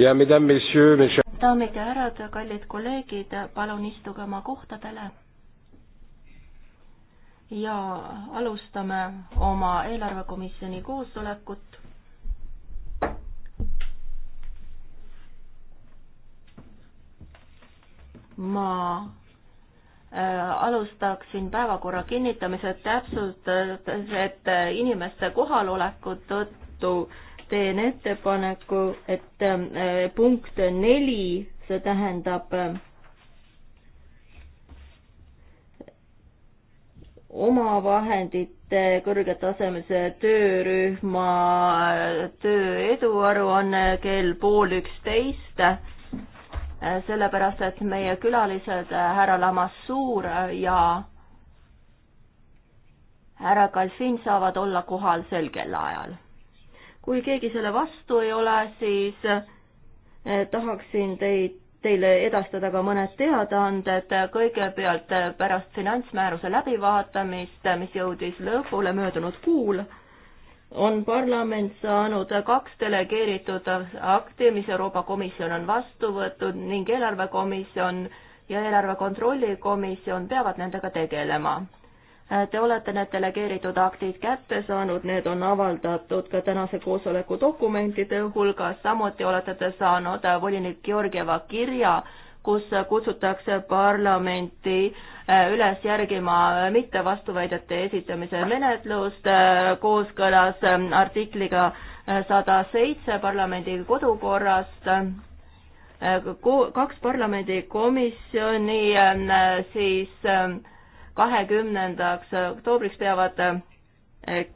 daamid ja härrad, kallid kolleegid, palun istuge oma kohtadele. ja alustame oma eelarvekomisjoni koosolekut. ma äh, alustaksin päevakorra kinnitamise täpsustades, et inimeste kohaloleku tõttu äh, teen ettepaneku, et äh, punkt neli, see tähendab äh, omavahendite kõrgetasemelise töörühma äh, töö eduaruanne kell pool üksteist, sellepärast et meie külalised härra Lamassuur ja härra Kalfin saavad olla kohal sel kellaajal kui keegi selle vastu ei ole, siis eh, tahaksin teid, teile edastada ka mõned teadaanded. kõigepealt eh, pärast finantsmääruse läbivaatamist, eh, mis jõudis lõpule möödunud kuul, on parlament saanud kaks delegeeritud akti, mis Euroopa Komisjon on vastu võtnud ning eelarvekomisjon ja eelarve kontrolli komisjon peavad nendega tegelema Te olete need delegeeritud aktid kätte saanud, need on avaldatud ka tänase koosoleku dokumentide hulgas, samuti olete te saanud äh, volinik Georgieva kirja, kus kutsutakse parlamenti äh, üles järgima mittevastuväidete esitamise menetlust äh, kooskõlas artikliga sada seitse parlamendi kodukorrast kaks parlamendikomisjoni siis kahekümnendaks oktoobriks peavad eh,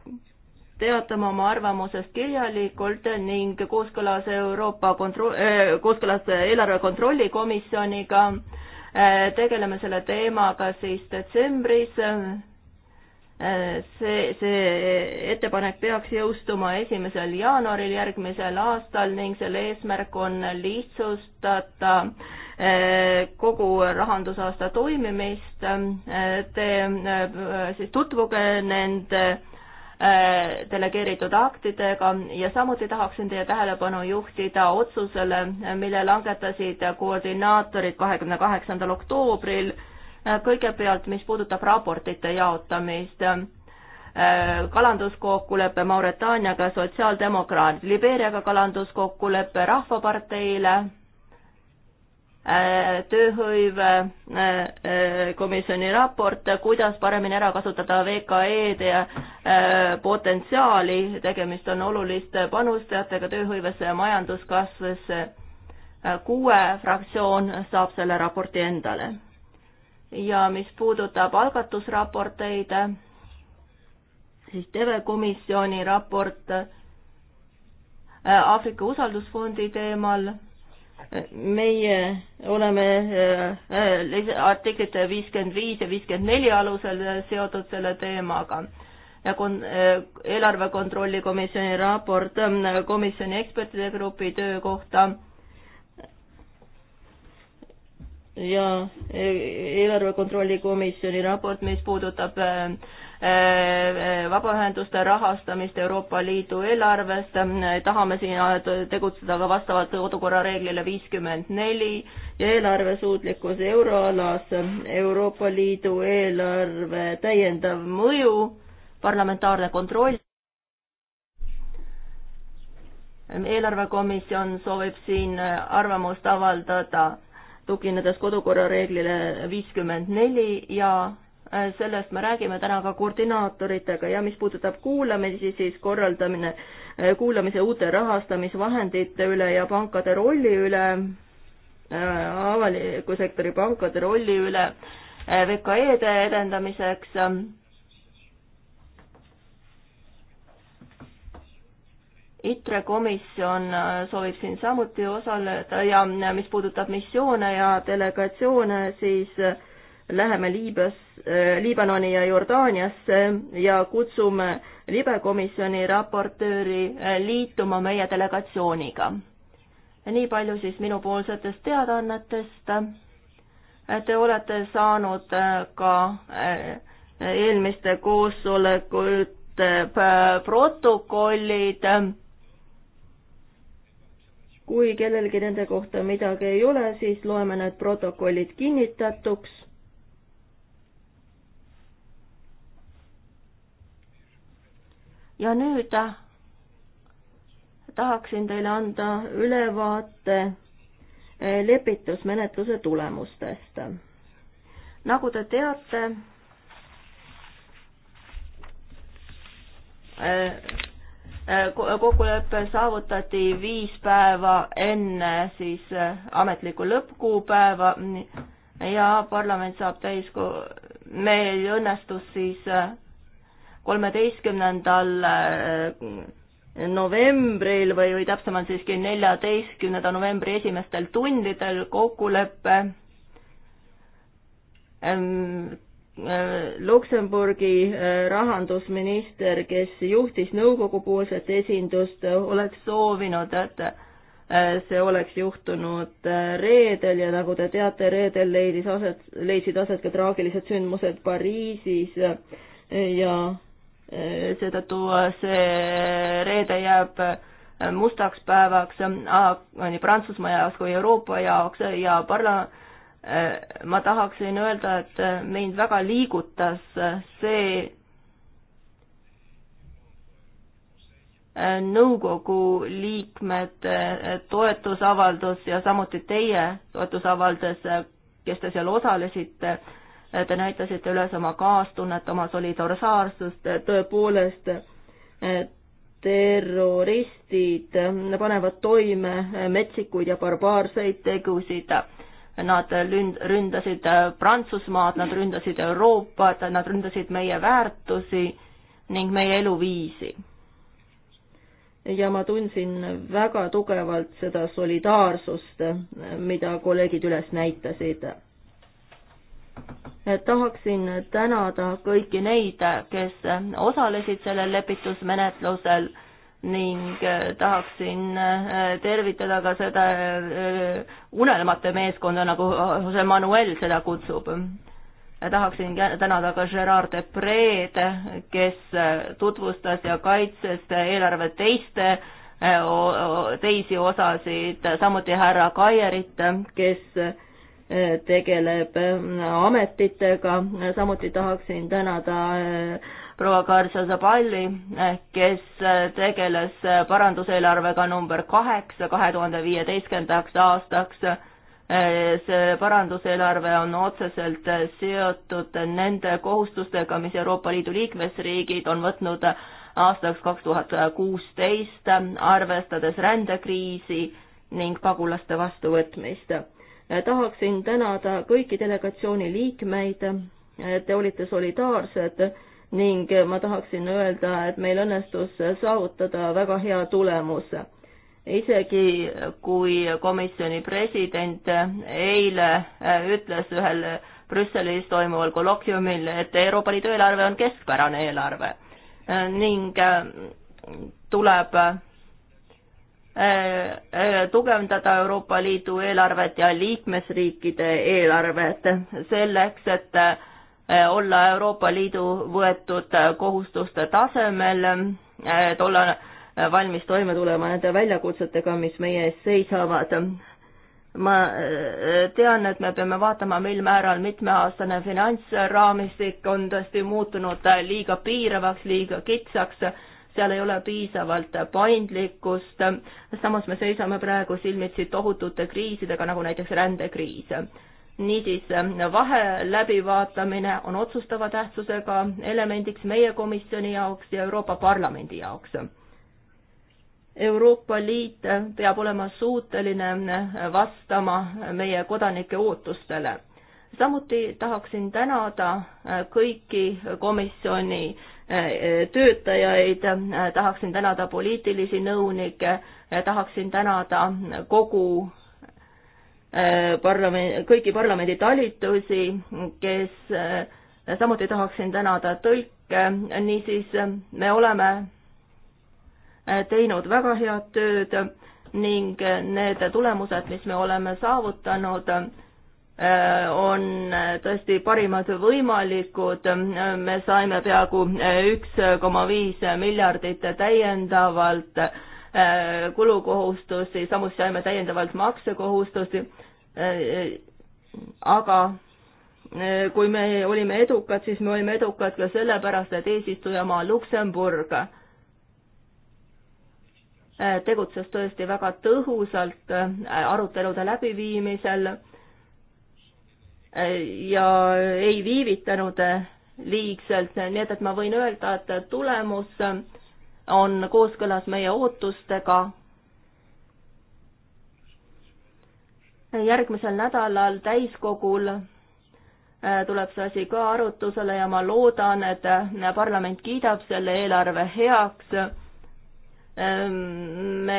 teatama oma arvamusest kirjalikult ning kooskõlas Euroopa kontro-, eh, kooskõlas eelarve kontrolli komisjoniga eh, tegeleme selle teemaga siis detsembris. see, see ettepanek peaks jõustuma esimesel jaanuaril järgmisel aastal ning selle eesmärk on lihtsustada äh, kogu rahandusaasta toimimist. Te siis tutvuge nende äh, delegeeritud aktidega ja samuti tahaksin teie tähelepanu juhtida otsusele, mille langetasid koordinaatorid kahekümne kaheksandal oktoobril. kõigepealt, mis puudutab raportite jaotamist äh, kalanduskokkulepe Mauretaaniaga, sotsiaaldemokraadid, Libeeriaga kalanduskokkulepe Rahvaparteile Äh, tööhõive äh, äh, komisjoni raport, kuidas paremini ära kasutada VKE-de potentsiaali, tegemist on oluliste panustajatega tööhõivesse ja majanduskasvusse. kuue fraktsioon saab selle raporti endale. ja mis puudutab algatusraporteid, siis TV Komisjoni raport Aafrika usaldusfondi teemal meie oleme äh, äh, artiklite viiskümmend viis ja viiskümmend neli alusel äh, seotud selle teemaga ja kon-, eelarve kontrolli komisjoni raport komisjoni ekspertide grupi töö kohta ja eelarve kontrolli komisjoni raport, mis puudutab Äh, äh, vabaühenduste rahastamist Euroopa Liidu eelarvest, äh, tahame siin tegutseda ka vastavalt kodukorra reeglile viiskümmend neli ja eelarvesuutlikkus euroalas, Euroopa Liidu eelarve täiendav mõju, parlamentaarne kontroll. eelarvekomisjon soovib siin arvamust avaldada, tuginedes kodukorra reeglile viiskümmend neli ja Äh, sellest me räägime täna ka koordinaatoritega ja mis puudutab kuulamisi, siis korraldamine, äh, kuulamise uute rahastamisvahendite üle ja pankade rolli üle, äh, avaliku sektori pankade rolli üle VKE-de edendamiseks ähm, ITRE komisjon soovib siin samuti osaleda ja mis puudutab missioone ja delegatsioone, siis läheme Liibüas, äh, Liibanoni ja Jordaaniasse ja kutsume libekomisjoni raportööri äh, liituma meie delegatsiooniga. nii palju siis minupoolsetest teadaannetest. Äh, te olete saanud ka eelmiste koosolekute protokollid kui kellelgi nende kohta midagi ei ole, siis loeme need protokollid kinnitatuks. ja nüüd äh, tahaksin teile anda ülevaate äh, lepitusmenetluse tulemustest. nagu te teate, äh, kokkulepe saavutati viis päeva enne siis ametlikku lõppkuupäeva ja parlament saab täis, meil õnnestus siis kolmeteistkümnendal äh, novembril või, või täpsemalt siiski neljateistkümnenda novembri esimestel tundidel kokkuleppe ähm, äh, Luksemburgi äh, rahandusminister, kes juhtis nõukogupoolset esindust, oleks soovinud, et äh, see oleks juhtunud äh, reedel ja nagu te teate, reedel leidis aset, leidsid aset ka traagilised sündmused Pariisis äh, ja seetõttu see reede jääb mustaks päevaks nii Prantsusmaa jaoks kui Euroopa jaoks ja parla-, eh, ma tahaksin öelda, et mind väga liigutas see eh, nõukogu liikmete eh, toetusavaldus ja samuti teie toetusavaldus, kes te seal osalesite te näitasite üles oma kaastunnet, oma solidaarsust, tõepoolest terroristid panevad toime metsikuid ja barbaarseid tegusid. Nad lünd-, ründasid Prantsusmaad, nad ründasid Euroopat, nad ründasid meie väärtusi ning meie eluviisi. ja ma tundsin väga tugevalt seda solidaarsust, mida kolleegid üles näitasid tahaksin tänada kõiki neid, kes osalesid sellel lepitusmenetlusel ning äh, tahaksin äh, tervitada ka seda äh, unelmate meeskonda, nagu Jose Manuel seda kutsub. tahaksin tänada ka Gerard Depreed, kes tutvustas ja kaitses eelarve teiste, teisi osasid, samuti härra Kaierit, kes tegeleb äh, ametitega, samuti tahaksin tänada äh, proua Karsa Zabali, äh, kes tegeles paranduseelarvega number kaheksa kahe tuhande viieteistkümnendaks aastaks. see paranduseelarve on otseselt seotud nende kohustustega, mis Euroopa Liidu liikmesriigid on võtnud aastaks kaks tuhat kuusteist, arvestades rändekriisi ning pagulaste vastuvõtmist Äh, tahaksin tänada kõiki delegatsiooni liikmeid, äh, te olite solidaarsed ning ma tahaksin öelda, et meil õnnestus saavutada väga hea tulemus. isegi kui komisjoni president eile äh, ütles ühel Brüsselis toimuval kolloquiumil, et Euroopa Liidu eelarve on keskpärane eelarve ning tuleb Äh, äh, tugevdada Euroopa Liidu eelarvet ja liikmesriikide eelarvet selleks, et äh, olla Euroopa Liidu võetud kohustuste tasemel, et olla valmis toime tulema nende väljakutsetega, mis meie ees seisavad. ma tean, et me peame vaatama, mil määral mitmeaastane finantsraamistik on tõesti muutunud liiga piiravaks, liiga kitsaks seal ei ole piisavalt paindlikkust, samas me seisame praegu silmitsi tohutute kriisidega, nagu näiteks rändekriis. niisiis, vahe läbivaatamine on otsustava tähtsusega elemendiks meie komisjoni jaoks ja Euroopa Parlamendi jaoks Euroopa Liit peab olema suuteline vastama meie kodanike ootustele. samuti tahaksin tänada kõiki komisjoni Äh, äh, töötajaid, äh, tahaksin tänada poliitilisi nõunikke, tahaksin tänada kogu parlamendi, kõiki parlamendi talitusi, kes, samuti tahaksin tänada tõlke, niisiis me oleme teinud väga head tööd ning need tulemused, mis me oleme saavutanud, Äh, on äh, tõesti parimad võimalikud, äh, me saime peaaegu üks koma viis miljardit täiendavalt kulukohustusi, samuti saime täiendavalt maksekohustusi, aga kui me olime edukad, siis me olime edukad ka sellepärast, et eesistujamaa Luksemburg tegutses tõesti väga tõhusalt arutelude läbiviimisel ja ei viivitanud liigselt, nii et, et ma võin öelda, et tulemus on kooskõlas meie ootustega. järgmisel nädalal täiskogul äh, tuleb see asi ka arutusele ja ma loodan, et äh, parlament kiidab selle eelarve heaks. Ehm, me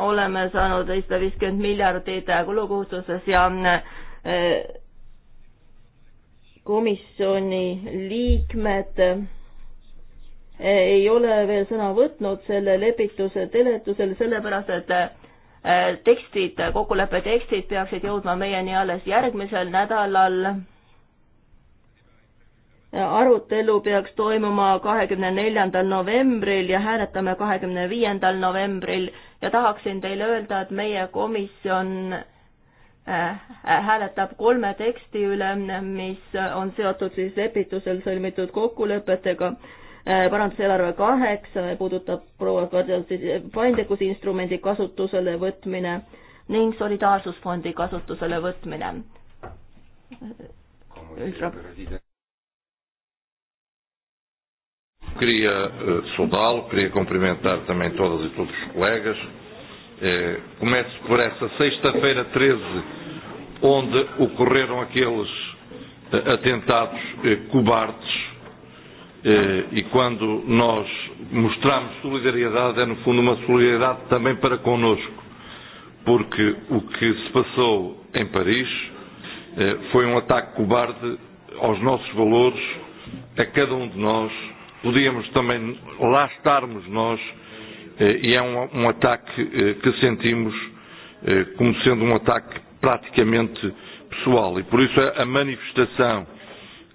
oleme saanud seitsesada viiskümmend miljardit äh, kulukohustuses ja komisjoni liikmed eh, ei ole veel sõna võtnud selle lepituse teletusel, sellepärast et eh, tekstid, kokkuleppe tekstid peaksid jõudma meieni alles järgmisel nädalal. arutelu peaks toimuma kahekümne neljandal novembril ja hääletame kahekümne viiendal novembril ja tahaksin teile öelda, et meie komisjon Äh, hääletab kolme teksti üle, mis on seotud siis lepitusel sõlmitud kokkulepetega. Äh, paranduseelarve kaheksa puudutab proua paindlikkusinstrumendi kasutusele võtmine ning solidaarsusfondi kasutusele võtmine. Queria eh, saudá-lo, queria cumprimentar também todas e todos os colegas Eh, começo por essa sexta-feira 13, onde ocorreram aqueles eh, atentados eh, cobardes, eh, e quando nós mostramos solidariedade, é no fundo uma solidariedade também para connosco, porque o que se passou em Paris eh, foi um ataque cobarde aos nossos valores, a cada um de nós. Podíamos também lá estarmos nós Eh, e é um, um ataque eh, que sentimos eh, como sendo um ataque praticamente pessoal. E por isso a manifestação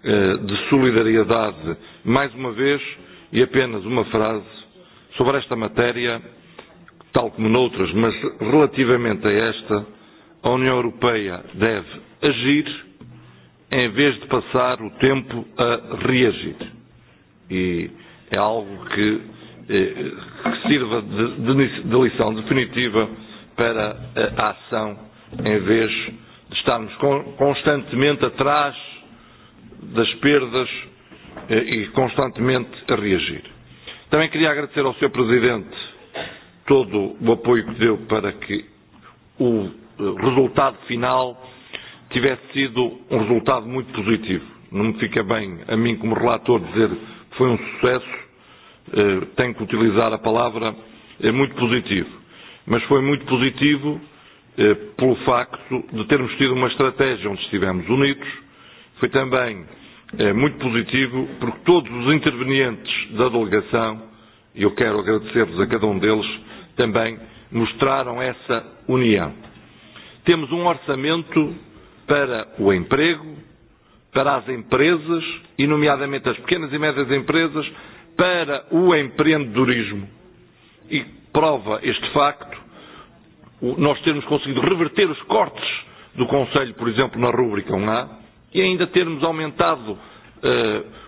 de solidariedade, mais uma vez, e apenas uma frase sobre esta matéria, tal como noutras, mas relativamente a esta, a União Europeia deve agir em vez de passar o tempo a reagir. E é algo que que eh, sirva de, de lição definitiva para a ação, em vez de estarmos constantemente atrás das perdas eh, e constantemente a reagir. Também queria agradecer ao Sr. Presidente todo o apoio que deu para que o eh, resultado final tivesse sido um resultado muito positivo. Não me fica bem a mim, como relator, dizer que foi um sucesso, Eh, tenho que utilizar a palavra, é muito positivo. Mas foi muito positivo eh, pelo facto de termos tido uma estratégia onde estivemos unidos. Foi também é eh, muito positivo porque todos os intervenientes da delegação, e eu quero agradecer-vos a cada um deles, também mostraram essa união. Temos um orçamento para o emprego, para as empresas, e nomeadamente as pequenas e médias empresas, para o empreendedorismo e prova este facto nós termos conseguido reverter os cortes do Conselho, por exemplo, na rúbrica 1A um e ainda termos aumentado uh,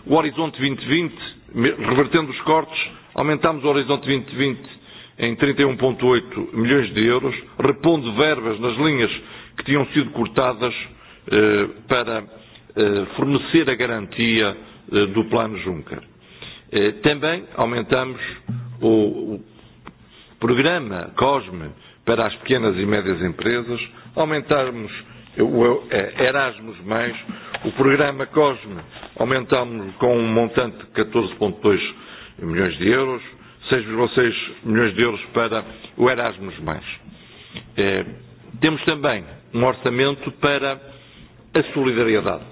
o Horizonte 2020, e revertendo os cortes, aumentámos o Horizonte 2020 e em 31,8 e um milhões de euros, repondo verbas nas linhas que tinham sido cortadas uh, para uh, fornecer a garantia uh, do Plano Juncker Eh, também aumentamos o, o programa COSME para as pequenas e médias empresas, aumentarmos o Erasmus, mais, o programa COSME aumentámos com um montante de 14,2 milhões de euros, 6,6 milhões de euros para o Erasmus. Mais. E, é, temos também um orçamento para a solidariedade,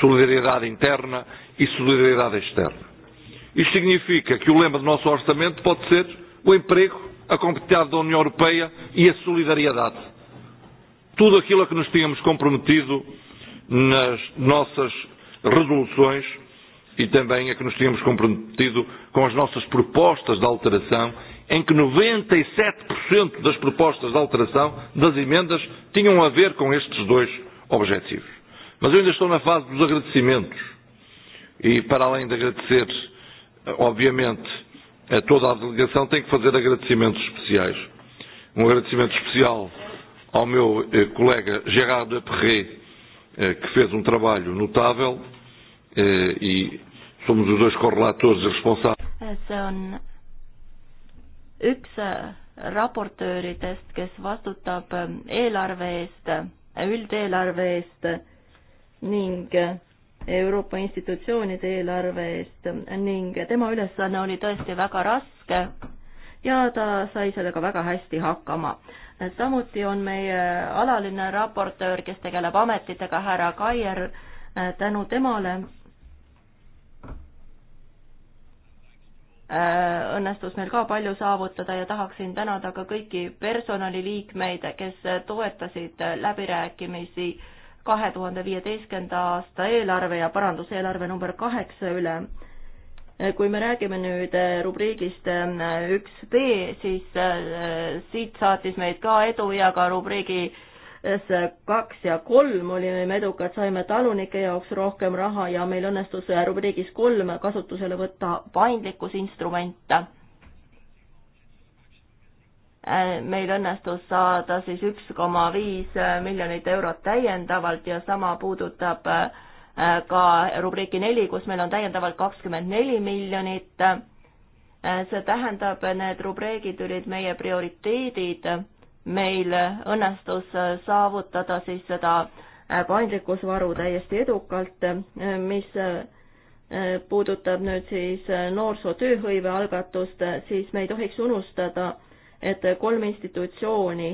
solidariedade interna e solidariedade externa. Isto significa que o lema do nosso orçamento pode ser o emprego, a competitividade da União Europeia e a solidariedade. Tudo aquilo a que nos tínhamos comprometido nas nossas resoluções e também a que nos tínhamos comprometido com as nossas propostas de alteração, em que 97% e das propostas de alteração das emendas tinham a ver com estes dois objetivos. Mas eu ainda estou na fase dos agradecimentos. E para além de agradecer obviamente, a toda a delegação, tenho que fazer agradecimentos especiais. Um agradecimento especial ao meu eh, colega Gerard Perret, eh, que fez um trabalho notável eh, e somos os dois correlatores responsáveis. Eh, See on üks eh, raportööridest, kes vastutab eh, eelarve eest, üldeelarve eest ning Euroopa institutsioonide eelarve eest ning tema ülesanne oli tõesti väga raske ja ta sai sellega väga hästi hakkama. samuti on meie alaline raportöör, kes tegeleb ametitega, härra Kaier, tänu temale äh, õnnestus meil ka palju saavutada ja tahaksin tänada ka kõiki personaliliikmeid, kes toetasid läbirääkimisi äh, kahe tuhande viieteistkümnenda aasta eelarve ja paranduseelarve number kaheksa üle. kui me räägime nüüd äh, rubriigist äh, üks B, siis äh, siit saatis meid ka edu ja ka rubriigi kaks ja kolm olime me edukad, saime talunike jaoks rohkem raha ja meil õnnestus rubriigis kolm kasutusele võtta paindlikkusinstrumente Äh, meil õnnestus saada siis üks koma viis äh, miljonit eurot täiendavalt ja sama puudutab äh, ka rubriiki neli, kus meil on täiendavalt kakskümmend neli miljonit. see tähendab, need rubriigid olid meie prioriteedid, meil õnnestus saavutada siis seda paindlikkusvaru täiesti edukalt, mis puudutab nüüd siis noorsootööhõive algatust, siis me ei tohiks unustada, et kolm institutsiooni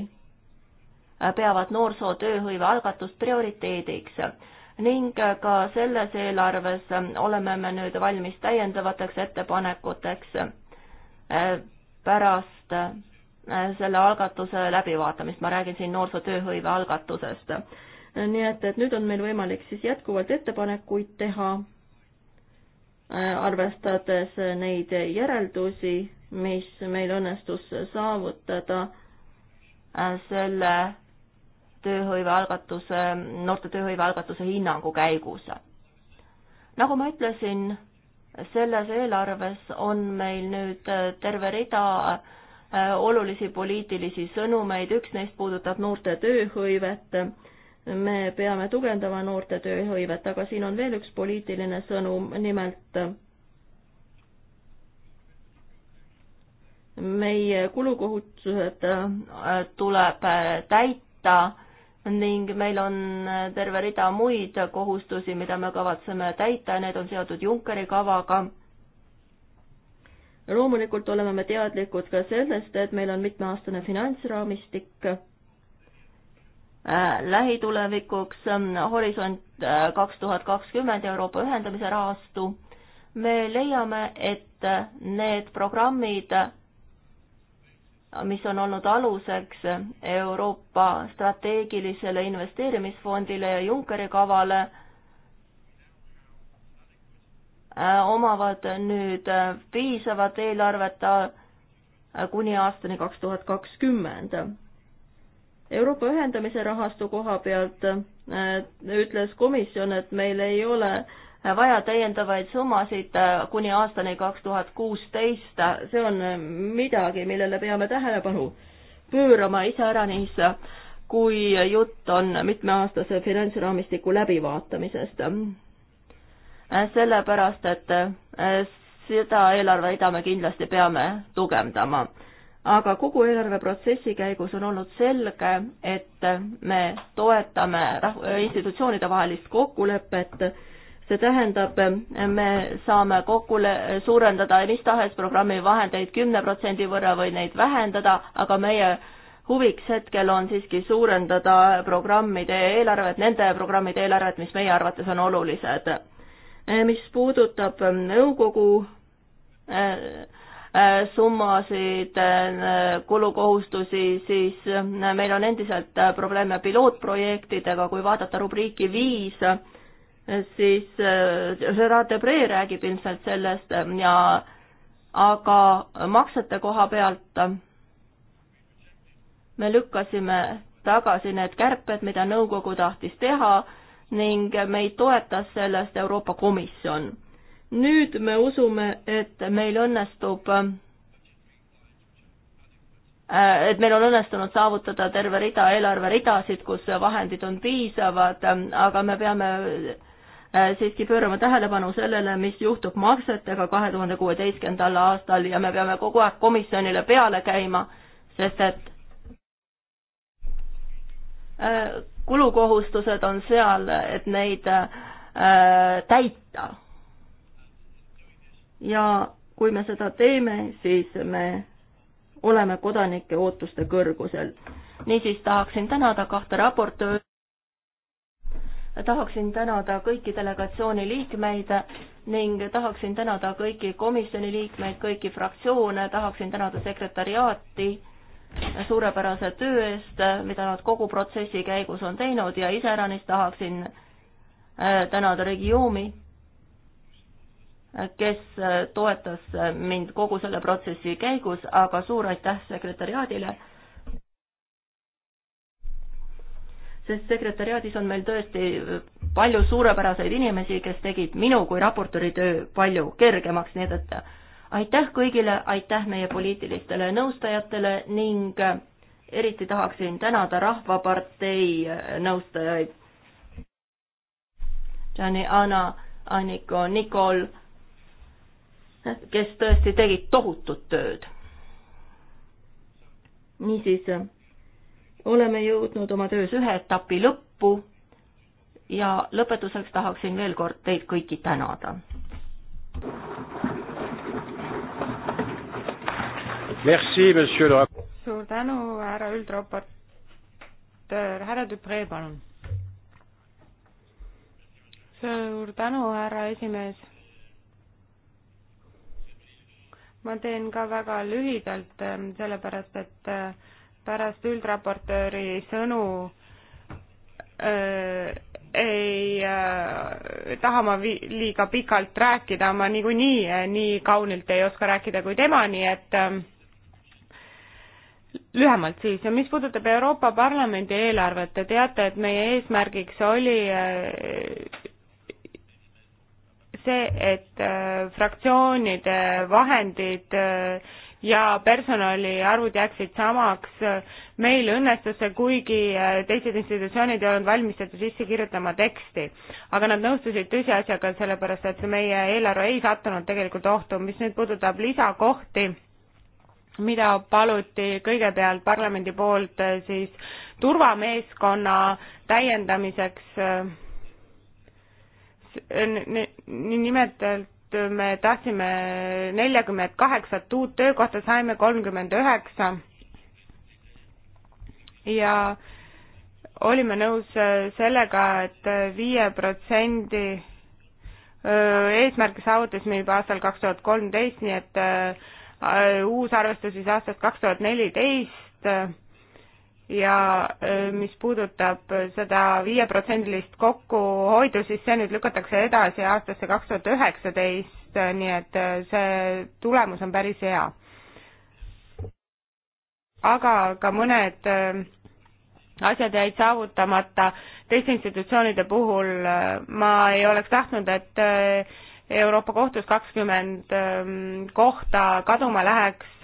äh, peavad noorsootööhõive algatust prioriteediks ning äh, ka selles eelarves äh, oleme me nüüd valmis täiendavateks ettepanekuteks pärast selle algatuse läbivaatamist, ma räägin siin noorsootööhõive algatusest. nii et, et nüüd on meil võimalik siis jätkuvalt ettepanekuid teha, arvestades neid järeldusi mis meil õnnestus saavutada äh, selle tööhõivealgatuse, noorte tööhõivealgatuse hinnangu käigus. nagu ma ütlesin, selles eelarves on meil nüüd äh, terve rida äh, olulisi poliitilisi sõnumeid, üks neist puudutab noorte tööhõivet, me peame tugevdama noorte tööhõivet, aga siin on veel üks poliitiline sõnum, nimelt meie kulukohutused äh, tuleb äh, täita ning meil on äh, terve rida muid kohustusi, mida me kavatseme täita ja need on seotud Junckeri kavaga. loomulikult oleme me teadlikud ka sellest, et meil on mitmeaastane finantsraamistik lähitulevikuks Horisont kaks tuhat kakskümmend Euroopa ühendamise rahastu. me leiame, et need programmid mis on olnud aluseks Euroopa strateegilisele investeerimisfondile ja Junckeri kavale, äh, omavad nüüd piisavat eelarvet äh, kuni aastani kaks tuhat kakskümmend. Euroopa ühendamise rahastu koha pealt äh, ütles komisjon, et meil ei ole äh, vaja täiendavaid summasid äh, kuni aastani kaks tuhat kuusteist, see on äh, midagi, millele peame tähelepanu pöörama iseäranis, kui jutt on mitmeaastase finantsraamistiku läbivaatamisest. Äh, sellepärast, et seda eelarverida me kindlasti peame tugevdama. aga kogu eelarveprotsessi käigus on olnud selge, et me toetame institutsioonide vahelist kokkulepet see tähendab, me saame kokkule suurendada mis tahes programmi vahendeid kümne protsendi võrra või neid vähendada, aga meie huviks hetkel on siiski suurendada programmide eelarvet, nende programmide eelarvet, mis meie arvates on olulised. mis puudutab nõukogu äh, äh, summasid, äh, kulukohustusi, siis meil on endiselt probleeme pilootprojektidega, kui vaadata rubriiki viis, siis äh, Gerard Debre räägib ilmselt sellest äh, ja aga maksete koha pealt äh, me lükkasime tagasi need kärped, mida nõukogu tahtis teha ning meid toetas sellest Euroopa Komisjon. nüüd me usume, et meil õnnestub et meil on õnnestunud saavutada terve rida eelarveridasid, kus vahendid on piisavad, aga me peame Äh, siiski pöörama tähelepanu sellele, mis juhtub maksetega kahe tuhande kuueteistkümnendal aastal ja me peame kogu aeg komisjonile peale käima, sest et äh, kulukohustused on seal, et neid äh, täita. ja kui me seda teeme, siis me oleme kodanike ootuste kõrgusel. niisiis tahaksin tänada kahte raportööri tahaksin tänada kõiki delegatsiooni liikmeid ning tahaksin tänada kõiki komisjoni liikmeid, kõiki fraktsioone, tahaksin tänada sekretariaati suurepärase töö eest, mida nad kogu protsessi käigus on teinud ja iseäranis tahaksin äh, tänada regiooni, äh, kes äh, toetas mind kogu selle protsessi käigus, aga suur aitäh sekretariaadile sest sekretäriaadis on meil tõesti palju suurepäraseid inimesi, kes tegid minu kui raportööri töö palju kergemaks, nii et aitäh kõigile, aitäh meie poliitilistele nõustajatele ning eriti tahaksin tänada Rahvapartei nõustajaid. Jani, Anna, Anniko, Nikol, kes tõesti tegid tohutut tööd. niisiis oleme jõudnud oma töös ühe etapi lõppu ja lõpetuseks tahaksin veel kord teid kõiki tänada. suur tänu, härra üldraportöör, härra Dupree, palun. suur tänu, härra esimees. ma teen ka väga lühidalt, sellepärast et äh, pärast üldraportööri sõnu öö, ei äh, taha ma vi-, liiga pikalt rääkida, ma niikuinii nii, nii kaunilt ei oska rääkida kui tema, nii et äh, lühemalt siis, ja mis puudutab Euroopa Parlamendi eelarvet, te teate, et meie eesmärgiks oli äh, see, et äh, fraktsioonide vahendid äh, ja personali arvud jääksid samaks. meil õnnestus see, kuigi äh, teised institutsioonid ei olnud valmis seda sisse kirjutama teksti. aga nad nõustusid tõsiasjaga, sellepärast et meie eelarve ei sattunud tegelikult ohtu. mis nüüd puudutab lisakohti, mida paluti kõigepealt parlamendi poolt äh, siis turvameeskonna täiendamiseks, äh, nimetelt me tahtsime neljakümmet kaheksat uut töökohta, saime kolmkümmend üheksa ja olime nõus äh, sellega et, et viie protsendi äh, eesmärgi saavutasime juba aastal kaks tuhat kolmteist, nii et äh, uus arvestus siis aastast kaks tuhat neliteist ja äh, mis puudutab seda viieprotsendilist kokkuhoidu, siis see nüüd lükatakse edasi aastasse kaks tuhat üheksateist, äh, nii et äh, see tulemus on päris hea. aga ka mõned asjad jäid saavutamata teiste institutsioonide puhul, ma ei oleks tahtnud, et Euroopa Kohtus kakskümmend ähm, kohta kaduma läheks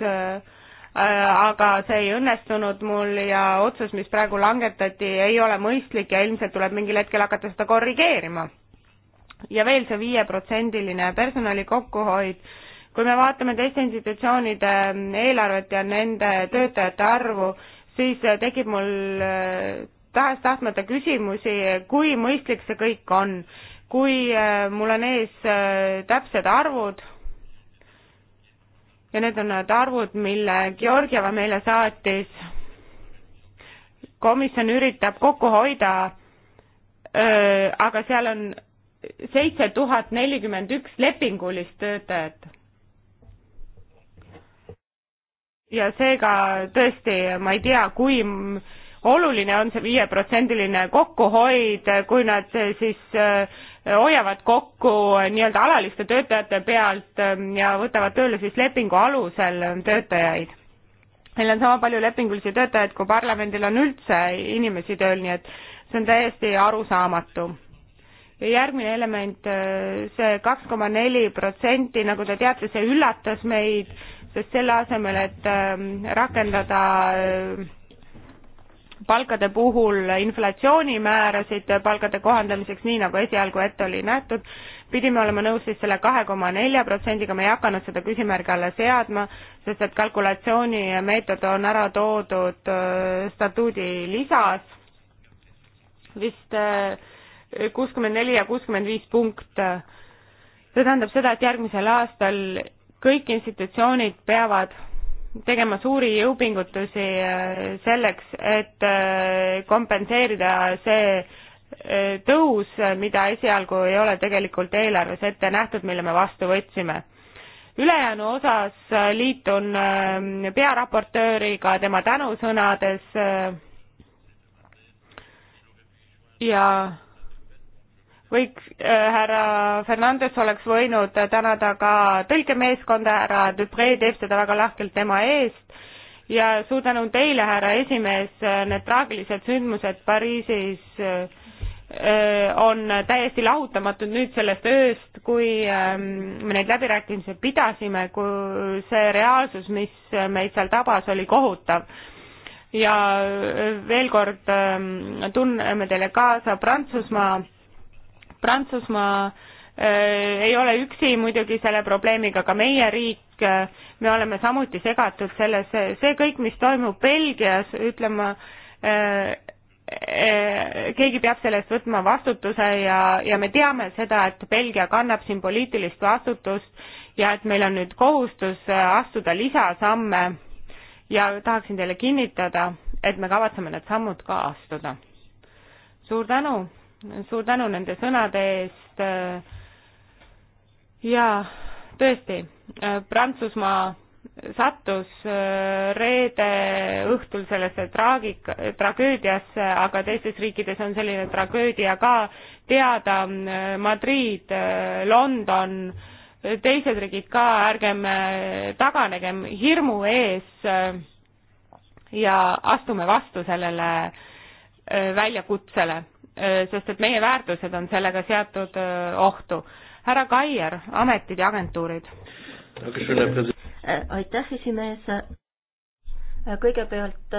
Äh, aga see ei õnnestunud mul ja otsus, mis praegu langetati, ei ole mõistlik ja ilmselt tuleb mingil hetkel hakata seda korrigeerima. ja veel see viieprotsendiline personali kokkuhoid, kui me vaatame teiste institutsioonide ähm, eelarvet ja nende töötajate arvu, siis äh, tekib mul äh, tahes-tahtmata küsimusi, kui mõistlik see kõik on. kui mul on ees täpsed arvud, ja need on need arvud, mille Georgieva meile saatis. komisjon üritab kokku hoida, aga seal on seitse tuhat nelikümmend üks lepingulist töötajat. ja seega tõesti, ma ei tea, kui oluline on see viieprotsendiline kokkuhoid, kui nad siis äh, hoiavad kokku nii-öelda alaliste töötajate pealt ähm, ja võtavad tööle siis lepingu alusel töötajaid. meil on sama palju lepingulisi töötajaid, kui parlamendil on üldse inimesi tööl, nii et see on täiesti arusaamatu. ja järgmine element see, äh, see kaks koma neli protsenti, nagu te teate, see üllatas meid, sest selle asemel, et ähm, rakendada äh, palkade puhul inflatsioonimäärasid palkade kohandamiseks, nii nagu esialgu ette oli nähtud, pidime olema nõus siis selle kahe koma nelja protsendiga, me ei hakanud seda küsimärgi alla seadma, sest et kalkulatsioonimeetod on ära toodud äh, statuudi lisas vist äh, kuuskümmend neli ja kuuskümmend viis punkt. Äh, see tähendab seda, et järgmisel aastal kõik institutsioonid peavad tegema suuri jõupingutusi äh, selleks, et äh, kompenseerida see äh, tõus, mida esialgu ei ole tegelikult eelarves ette nähtud, mille me vastu võtsime. ülejäänu osas liitun pearaportööriga tema tänusõnades ja võiks äh,, härra Fernandes oleks võinud tänada ka tõlkemeeskonda, härra Dupree teeb seda väga lahkelt tema eest ja suur tänu teile, härra esimees, need traagilised sündmused Pariisis äh, on täiesti lahutamatud nüüd sellest ööst, kui ähm, me neid läbirääkimisi pidasime, kui see reaalsus, mis meid seal tabas, oli kohutav. ja veel kord ähm, tunneme teile kaasa Prantsusmaa Prantsusmaa eh, ei ole üksi muidugi selle probleemiga, ka meie riik, eh, me oleme samuti segatud selles, see kõik, mis toimub Belgias, ütlen ma, eh, keegi peab selle eest võtma vastutuse ja, ja me teame seda, et Belgia kannab siin poliitilist vastutust ja et meil on nüüd kohustus astuda lisasamme ja tahaksin teile kinnitada, et me kavatseme need sammud ka astuda. suur tänu, suur tänu nende sõnade eest ja tõesti, Prantsusmaa sattus äh, reede õhtul sellesse traagik-, tragöödiasse, aga teistes riikides on selline tragöödia ka teada, äh, Madrid, äh, London, teised riigid ka, ärgem taganegem hirmu ees ja astume vastu sellele väljakutsele Äh, sest et meie väärtused on sellega seatud äh, ohtu. härra Kaier, ametid ja agentuurid. Äh, aitäh, esimees. kõigepealt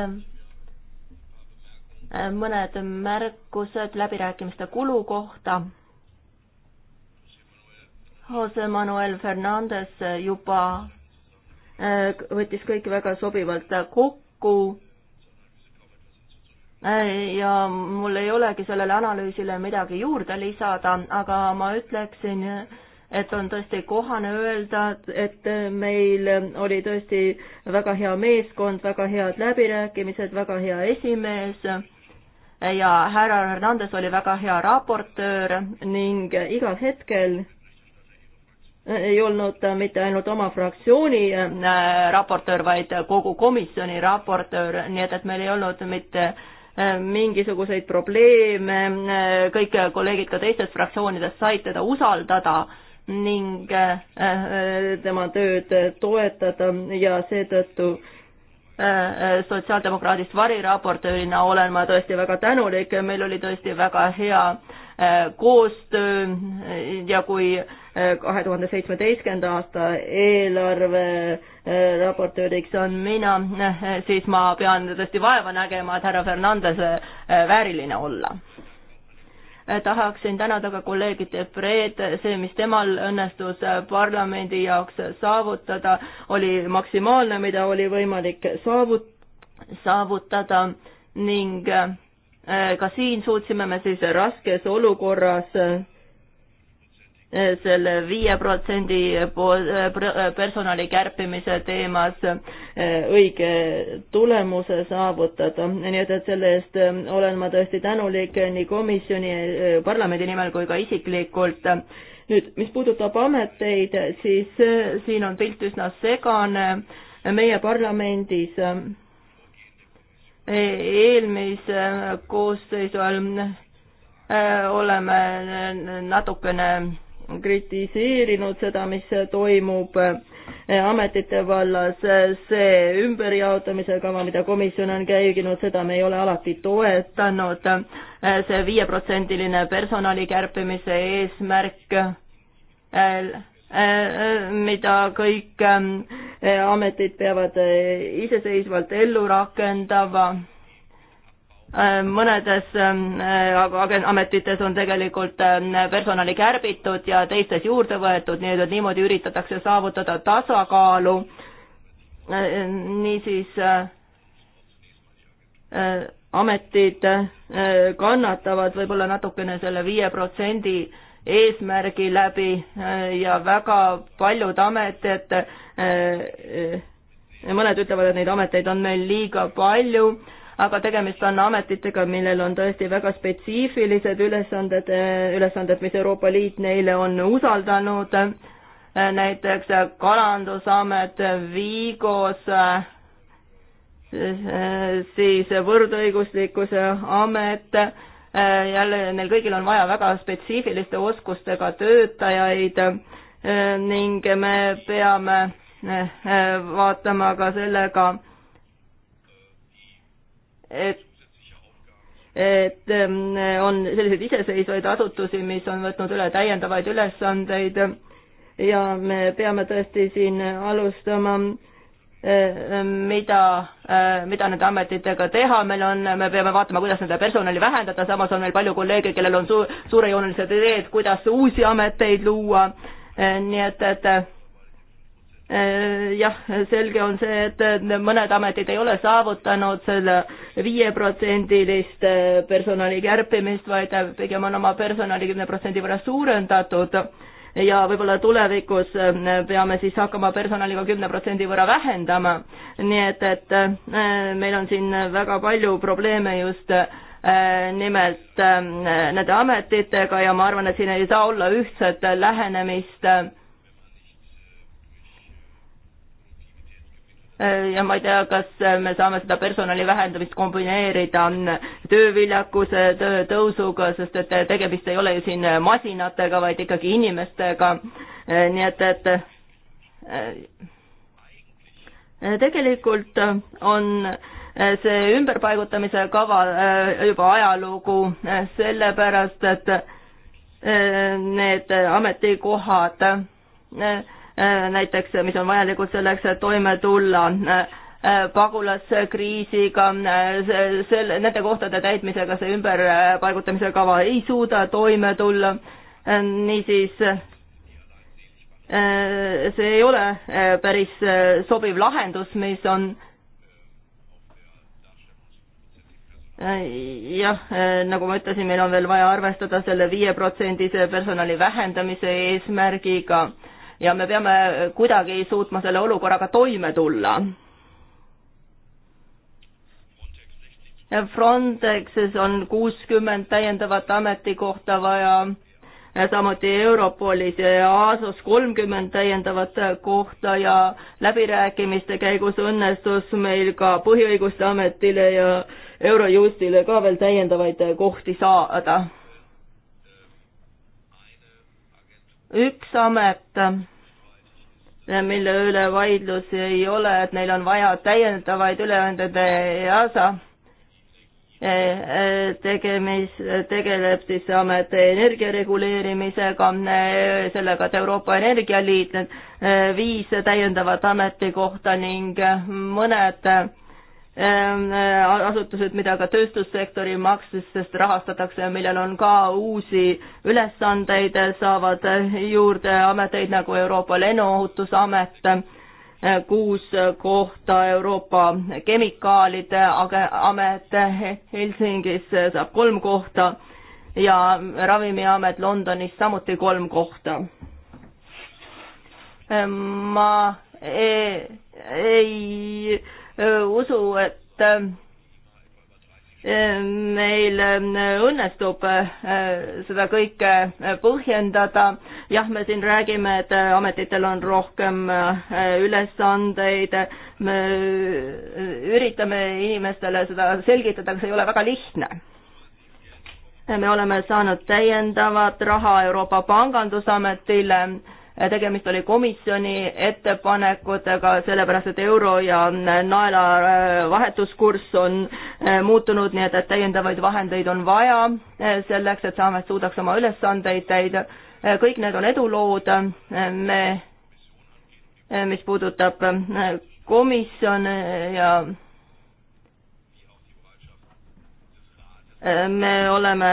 mõned märkused läbirääkimiste kulu kohta. Jose Manuel Fernandez juba võttis kõik väga sobivalt kokku Äh, ja mul ei olegi sellele analüüsile midagi juurde lisada, aga ma ütleksin, et on tõesti kohane öelda, et meil oli tõesti väga hea meeskond, väga head läbirääkimised, väga hea esimees ja härra Hernandez oli väga hea raportöör ning igal hetkel ei olnud ta mitte ainult oma fraktsiooni äh, raportöör, vaid kogu komisjoni raportöör, nii et, et meil ei olnud mitte äh, Äh, mingisuguseid probleeme, äh, kõik kolleegid ka teistest fraktsioonidest said teda usaldada ning äh, tema tööd toetada ja seetõttu sotsiaaldemokraadist variraportöörina olen ma tõesti väga tänulik, meil oli tõesti väga hea koostöö ja kui äh, kahe tuhande seitsmeteistkümnenda aasta eelarve äh, raportööriks on mina, äh, siis ma pean tõesti vaeva nägema, et härra Fernandese äh, vääriline olla. tahaksin tänada ka kolleegid Fred, see, mis temal õnnestus parlamendi jaoks saavutada, oli maksimaalne, mida oli võimalik saavut-, saavutada ning ka siin suutsime me siis raskes olukorras selle viie protsendi äh, äh, personali kärpimise teemas äh, õige tulemuse saavutada. nii et, et selle eest olen ma tõesti tänulik nii komisjoni, parlamendi nimel kui ka isiklikult. nüüd, mis puudutab ameteid, siis siin on pilt üsna segane. meie parlamendis eelmise koosseisu all oleme natukene kritiseerinud seda, mis toimub eh, ametite vallas, eh, see ümberjaotamise kava, mida komisjon on käiginud, seda me ei ole alati toetanud, eh, see viieprotsendiline personali kärpimise eesmärk, mida kõik ametid peavad iseseisvalt ellu rakendama Äh, mõnedes ähm, äh, ametites on tegelikult ähm, personali kärbitud ja teistes juurde võetud, nii et niimoodi üritatakse saavutada tasakaalu. Äh, niisiis ametid kannatavad võib-olla natukene selle viie protsendi eesmärgi läbi ja väga paljud ametid, mõned ütlevad, et neid ameteid on meil liiga palju aga tegemist on ametitega, millel on tõesti väga spetsiifilised ülesanded, eh, ülesanded, mis Euroopa Liit neile on usaldanud, eh, näiteks Kalandusamet Vigos, eh, siis Võrdõiguslikkuse Amet, jälle neil kõigil on vaja väga spetsiifiliste oskustega töötajaid ning me peame vaatama ka sellega, et et ähm, on selliseid iseseisvaid asutusi, mis on võtnud üle täiendavaid ülesandeid ja me peame tõesti siin alustama, äh, mida, äh, mida nende ametitega teha, meil on, me peame vaatama, kuidas nende personali vähendada, samas on meil palju kolleege, kellel on su-, suurejoonelised ideed, kuidas uusi ameteid luua, äh, nii et, et Äh, jah, selge on see, et mõned ametid ei ole saavutanud selle viieprotsendilist äh, personali kärpimist, vaid äh, pigem on oma personali kümne protsendi võrra suurendatud ja võib-olla tulevikus peame siis hakkama personaliga kümne protsendi võrra vähendama. nii et, et meil on siin väga palju probleeme just nimelt nende ametitega ja ma arvan, et siin ei saa olla ühtset lähenemist Äh, ja ma ei tea, kas äh, me saame seda personali vähendamist kombineerida tööviljakuse äh, tõusuga, sest et tegemist ei ole ju siin masinatega, vaid ikkagi inimestega. nii et, et tegelikult on see ümberpaigutamise kava juba ajalugu, sellepärast et need ametikohad Äh, näiteks, mis on vajalikud selleks, et toime tulla äh, pagulaskriisiga, äh, selle, nende kohtade täitmisega see ümberpaigutamise kava ei suuda toime tulla, niisiis see ei ole päris sobiv lahendus, mis on jah, nagu ma ütlesin, meil on veel vaja arvestada selle viieprotsendise personali vähendamise eesmärgiga ja me peame kuidagi suutma selle olukorraga toime tulla. Frontexis on kuuskümmend täiendavat ametikohta vaja, samuti Europolis ja EASO-s kolmkümmend täiendavat kohta ja läbirääkimiste käigus õnnestus meil ka Põhiõiguste Ametile ja Eurojustile ka veel täiendavaid kohti saada üks amet, mille üle vaidlusi ei ole, et neil on vaja täiendavaid üleanded EASA tegemis, tegeleb siis amet energia reguleerimisega, sellega, et Euroopa Energialiit, need viis täiendavat ametikohta ning mõned Ähm, äh, asutused, mida ka tööstussektori maksest rahastatakse ja millel on ka uusi ülesandeid, saavad juurde ameteid nagu Euroopa Lennuohutusamet, äh, kuus kohta Euroopa Kemikaalide Amet Helsingis saab kolm kohta ja Ravimiamet Londonis samuti kolm kohta. Äh, ma ei, ei usu, et meil õnnestub seda kõike põhjendada. jah, me siin räägime, et ametitel on rohkem ülesandeid, me üritame inimestele seda selgitada, aga see ei ole väga lihtne. me oleme saanud täiendavat raha Euroopa Pangandusametile tegemist oli komisjoni ettepanekutega, sellepärast et euro ja naela äh, vahetuskurss on äh, muutunud, nii et, et täiendavaid vahendeid on vaja äh, selleks, et Saames suudaks oma ülesandeid täida. kõik need on edulood, me, mis puudutab komisjone ja me oleme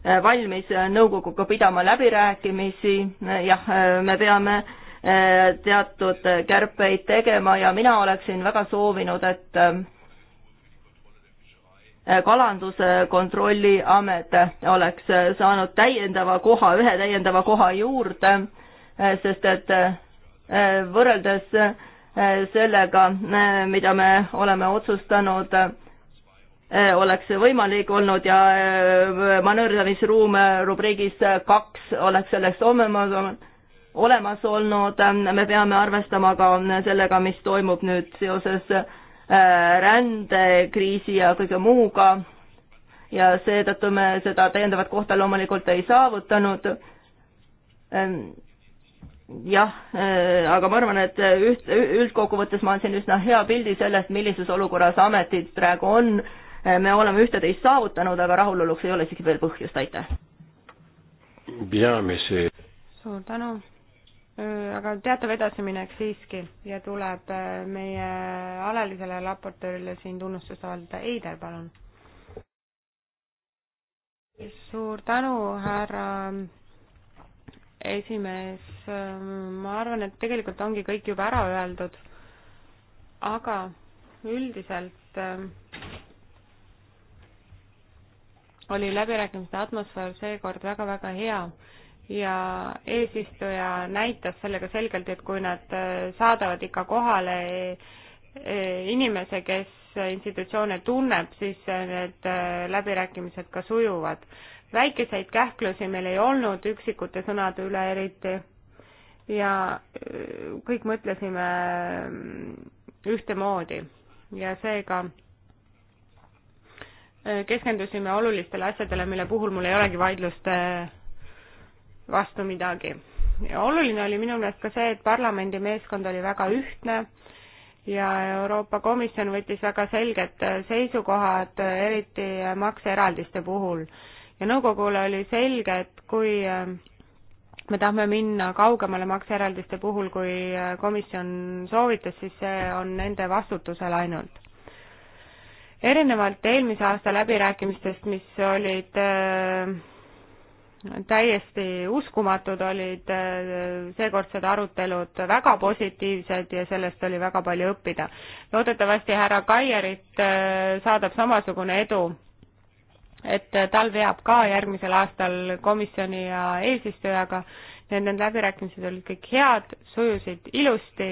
Äh, valmis nõukoguga pidama läbirääkimisi, jah, äh, me peame äh, teatud kärpeid tegema ja mina oleksin väga soovinud, et kalanduse kontrolliamet oleks saanud täiendava koha, ühe täiendava koha juurde, sest et võrreldes sellega, mida me oleme otsustanud Äh, oleks võimalik olnud ja äh, manööverdamisruum äh, rubriigis kaks oleks selleks olemas olnud. me peame arvestama ka sellega, mis toimub nüüd seoses rändekriisi ja kõige muuga ja seetõttu me seda täiendavat kohta loomulikult ei saavutanud. Ähm, jah, aga ma arvan, et üht, üldkokkuvõttes ma olen siin üsna hea pildi sellest, millises olukorras ametid praegu on Äh, me oleme üht-teist saavutanud, aga rahuloluks ei ole isegi veel põhjust, aitäh. peamisi. suur tänu. Äh, aga teatav edasiminek siiski ja tuleb äh, meie alalisele raportöörile siin tunnustust avaldada. Eider, palun. suur tänu, härra esimees, ma arvan, et tegelikult ongi kõik juba ära öeldud, aga üldiselt oli läbirääkimiste atmosfäär seekord väga-väga hea ja eesistuja näitas sellega selgelt, et kui nad äh, saadavad ikka kohale äh, inimese, kes institutsioone tunneb, siis äh, need läbirääkimised ka sujuvad. väikeseid kähklusi meil ei olnud üksikute sõnade üle eriti ja kõik mõtlesime mm, ühtemoodi ja seega ka keskendusime olulistele asjadele, mille puhul mul ei olegi vaidluste äh, vastu midagi. oluline oli minu meelest ka see, et parlamendi meeskond oli väga ühtne ja Euroopa Komisjon võttis väga selged äh, seisukohad, äh, eriti makseeraldiste puhul. ja nõukogule oli selge, et kui me tahame minna kaugemale makseeraldiste puhul, kui komisjon soovitas, siis see on nende vastutusel ainult erinevalt eelmise aasta läbirääkimistest, mis olid äh, täiesti uskumatud, olid äh, seekordsed arutelud väga positiivsed ja sellest oli väga palju õppida. loodetavasti härra Kaierit äh, saadab samasugune edu, et tal veab ka järgmisel aastal komisjoni ja eesistujaga, nii et need läbirääkimised olid kõik head, sujusid ilusti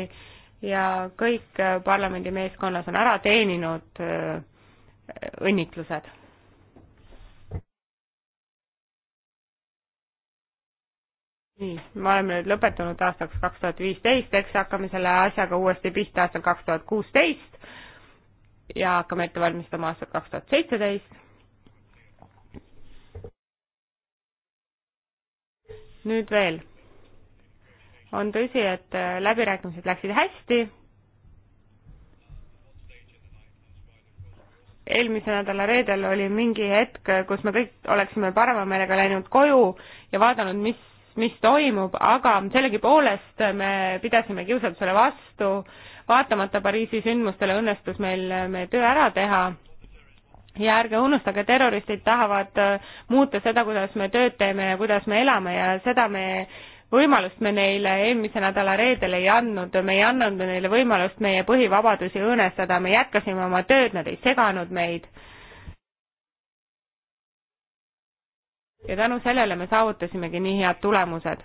ja kõik parlamendi meeskonnas on ära teeninud äh, õnnitlused. nii, me oleme nüüd lõpetanud aastaks kaks tuhat viisteist, eks hakkame selle asjaga uuesti pihta aastal kaks tuhat kuusteist ja hakkame ette valmistama aastat kaks tuhat seitseteist. nüüd veel. on tõsi, et äh, läbirääkimised läksid hästi eelmise nädala reedel oli mingi hetk, kus me kõik oleksime parema meelega läinud koju ja vaadanud, mis, mis toimub, aga sellegipoolest me pidasime kiusatusele vastu, vaatamata Pariisi sündmustele õnnestus meil meie töö ära teha ja ärge unustage, terroristid tahavad muuta seda, kuidas me tööd teeme ja kuidas me elame ja seda me võimalust me neile eelmise nädala reedel ei andnud, me ei andnud neile võimalust meie põhivabadusi õõnestada, me jätkasime oma tööd, nad ei seganud meid. ja tänu sellele me saavutasimegi nii head tulemused.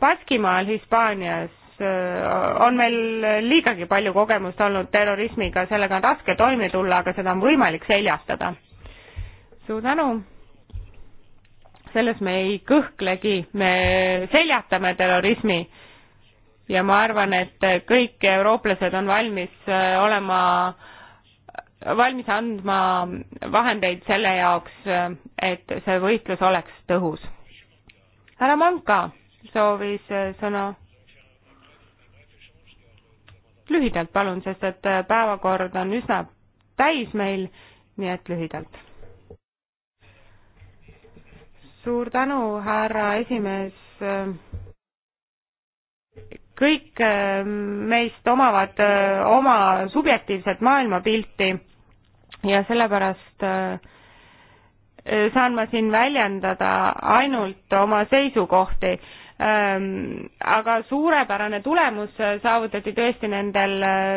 Baskimaal Hispaanias äh, on meil liigagi palju kogemust olnud terrorismiga, sellega on raske toime tulla, aga seda on võimalik seljastada. suur tänu selles me ei kõhklegi, me seljatame terrorismi ja ma arvan, et kõik eurooplased on valmis äh, olema, äh, valmis andma vahendeid selle jaoks, äh, et see võitlus oleks tõhus. härra Manka soovis sõna. lühidalt palun, sest et päevakord on üsna täis meil, nii et lühidalt suur tänu, härra esimees. kõik äh, meist omavad äh, oma subjektiivset maailmapilti ja sellepärast äh, saan ma siin väljendada ainult oma seisukohti Ehm, aga suurepärane tulemus saavutati tõesti nendel äh,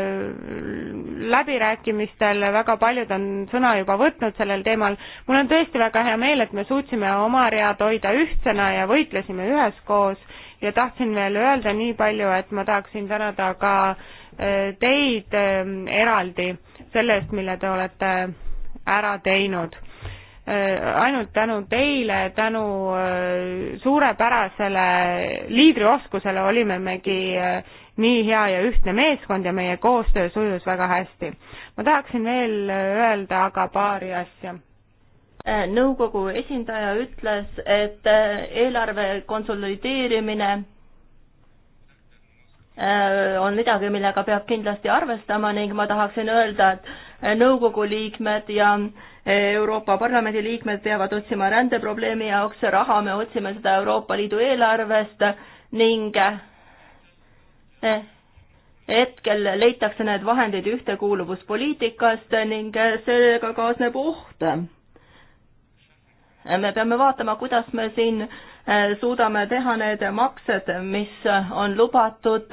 läbirääkimistel, väga paljud on sõna juba võtnud sellel teemal. mul on tõesti väga hea meel, et me suutsime oma read hoida ühtsena ja võitlesime üheskoos ja tahtsin veel öelda nii palju, et ma tahaksin tänada ka äh, teid äh, eraldi selle eest, mille te olete ära teinud Äh, ainult tänu teile, tänu äh, suurepärasele liidrioskusele olime megi äh, nii hea ja ühtne meeskond ja meie koostöö sujus väga hästi. ma tahaksin veel öelda aga paari asja. nõukogu esindaja ütles, et eelarve konsolideerimine on midagi, millega peab kindlasti arvestama ning ma tahaksin öelda, et nõukogu liikmed ja eh, Euroopa Parlamendi liikmed peavad otsima rändeprobleemi jaoks raha, me otsime seda Euroopa Liidu eelarvest ning eh, hetkel leitakse need vahendid ühtekuuluvuspoliitikast ning sellega kaasneb oht. me peame vaatama, kuidas me siin eh, suudame teha need maksed, mis on lubatud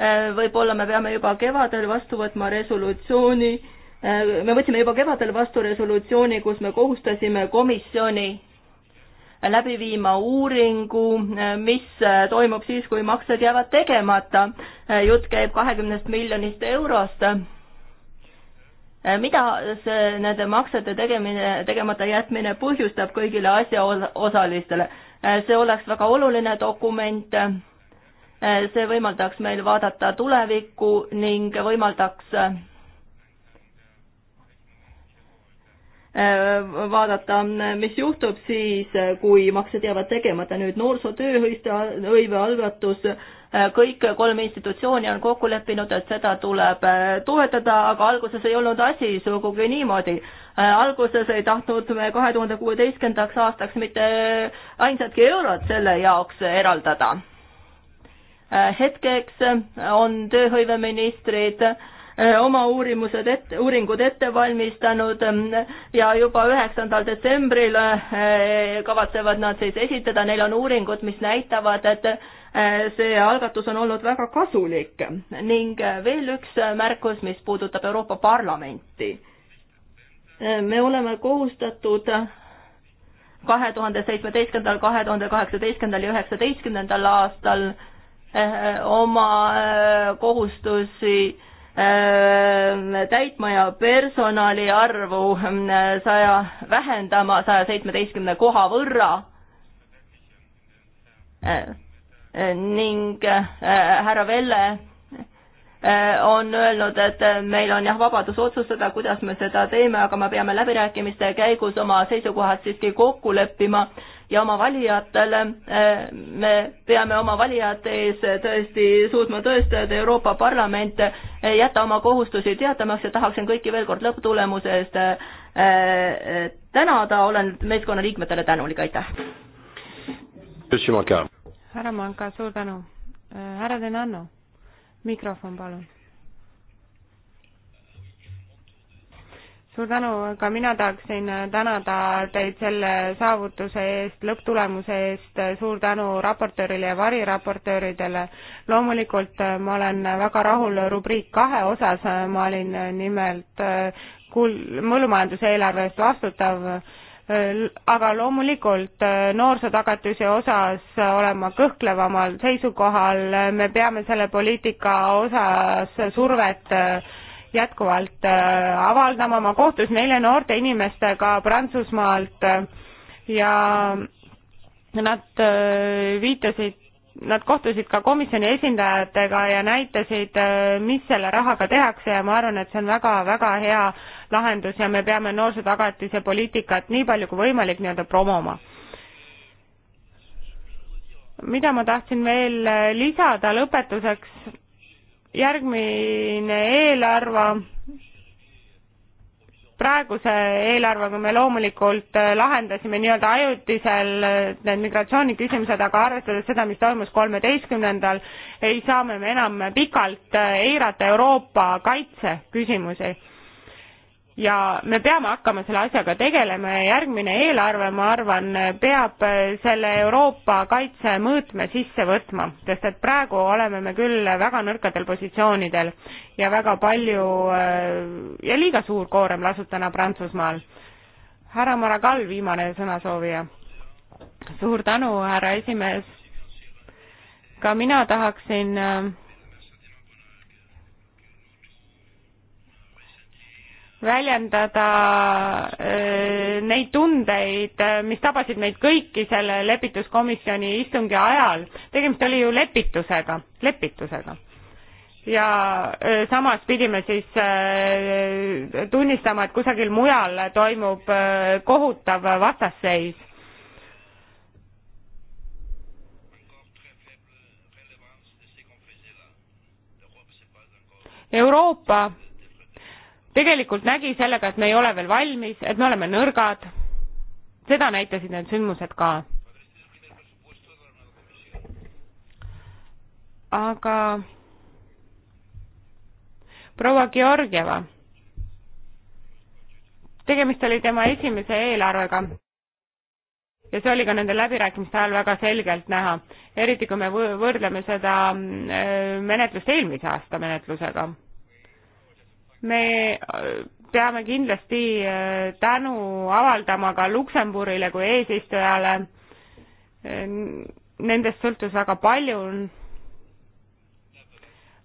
Äh, võib-olla me peame juba kevadel vastu võtma resolutsiooni, äh, me võtsime juba kevadel vastu resolutsiooni, kus me kohustasime komisjoni läbi viima uuringu, äh, mis toimub siis, kui maksed jäävad tegemata. jutt käib kahekümnest miljonist eurost. mida see nende maksete tegemine, tegemata jätmine põhjustab kõigile asjaosalistele? see oleks väga oluline dokument Eh, see võimaldaks meil vaadata tulevikku ning võimaldaks eh, vaadata, mis juhtub siis, kui maksed jäävad tegemata. nüüd noorsootööhõiste hõive algatus, eh, kõik kolm institutsiooni on kokku leppinud, et seda tuleb toetada, aga alguses ei olnud asi sugugi niimoodi. alguses ei tahtnud me kahe tuhande kuueteistkümnendaks aastaks mitte ainsatki eurot selle jaoks eraldada Äh, hetkeks äh, on tööhõiveministrid äh, oma uurimused ette, uuringud ette valmistanud ähm, ja juba üheksandal detsembril kavatsevad nad siis esitada, neil on uuringud, mis näitavad, et see algatus on olnud väga kasulik ning veel üks märkus, mis puudutab Euroopa Parlamenti. me oleme kohustatud kahe tuhande seitsmeteistkümnendal, kahe tuhande kaheksateistkümnendal ja üheksateistkümnendal aastal Äh, oma äh, kohustusi äh, täitma ja personali arvu saja, vähendama saja seitsmeteistkümne koha võrra ning härra Velle on öelnud, et meil on jah, vabadus otsustada, kuidas me seda teeme, aga me peame läbirääkimiste käigus oma seisukohad siiski kokku leppima ja oma valijatele. Eh, me peame oma valijate ees tõesti suutma tõestada, et Euroopa Parlament ei eh, jäta oma kohustusi teatamaks ja tahaksin kõiki veel kord lõpptulemuse eest eh, tänada, olen meeskonna liikmetele tänulik, aitäh! härra Manka, suur tänu! härra Denanno, mikrofon palun suur tänu, ka mina tahaksin tänada teid selle saavutuse eest, lõpptulemuse eest, suur tänu raportöörile ja variraportööridele. loomulikult äh, ma olen väga rahul rubriik kahe osas, ma olin äh, nimelt äh, kuul-, mõllumajanduse eelarve eest vastutav aga loomulikult noorsootagatise osas olema kõhklevamal seisukohal, me peame selle poliitika osas survet jätkuvalt äh, avaldama, ma kohtusin eile noorte inimestega Prantsusmaalt ja nad äh, viitasid, nad kohtusid ka komisjoni esindajatega ja näitasid, äh, mis selle rahaga tehakse ja ma arvan, et see on väga-väga hea lahendus ja me peame noorsootagatise poliitikat nii palju kui võimalik nii-öelda promoma mida ma tahtsin veel lisada lõpetuseks järgmine eelarve, praeguse eelarvega me loomulikult äh, lahendasime nii-öelda ajutisel äh, need migratsiooniküsimused, aga arvestades seda, mis toimus kolmeteistkümnendal, ei saa me enam pikalt äh, eirata Euroopa kaitseküsimusi ja me peame hakkama selle asjaga tegelema ja järgmine eelarve, ma arvan, peab selle Euroopa kaitsemõõtme sisse võtma, sest et praegu oleme me küll väga nõrkadel positsioonidel ja väga palju äh, ja liiga suur koorem lasub täna Prantsusmaal. härra Maragall, viimane sõnasoovija. suur tänu, härra esimees. ka mina tahaksin äh, väljendada äh, neid tundeid, äh, mis tabasid meid kõiki selle lepituskomisjoni istungi ajal. tegemist oli ju lepitusega, lepitusega. ja äh, samas pidime siis tunnistama, et kusagil mujal toimub kohutav vastasseis. Euroopa tegelikult nägi sellega, et me ei ole veel valmis, et me oleme nõrgad. seda näitasid need sündmused ka. aga proua Georgieva, tegemist oli tema esimese eelarvega ja see oli ka nende läbirääkimiste ajal väga selgelt näha, eriti kui me võrdleme seda mm, äh, menetlust eelmise aasta menetlusega me äh, peame kindlasti äh, tänu avaldama ka Luksemburile kui eesistujale. Äh, nendest sõltus väga palju.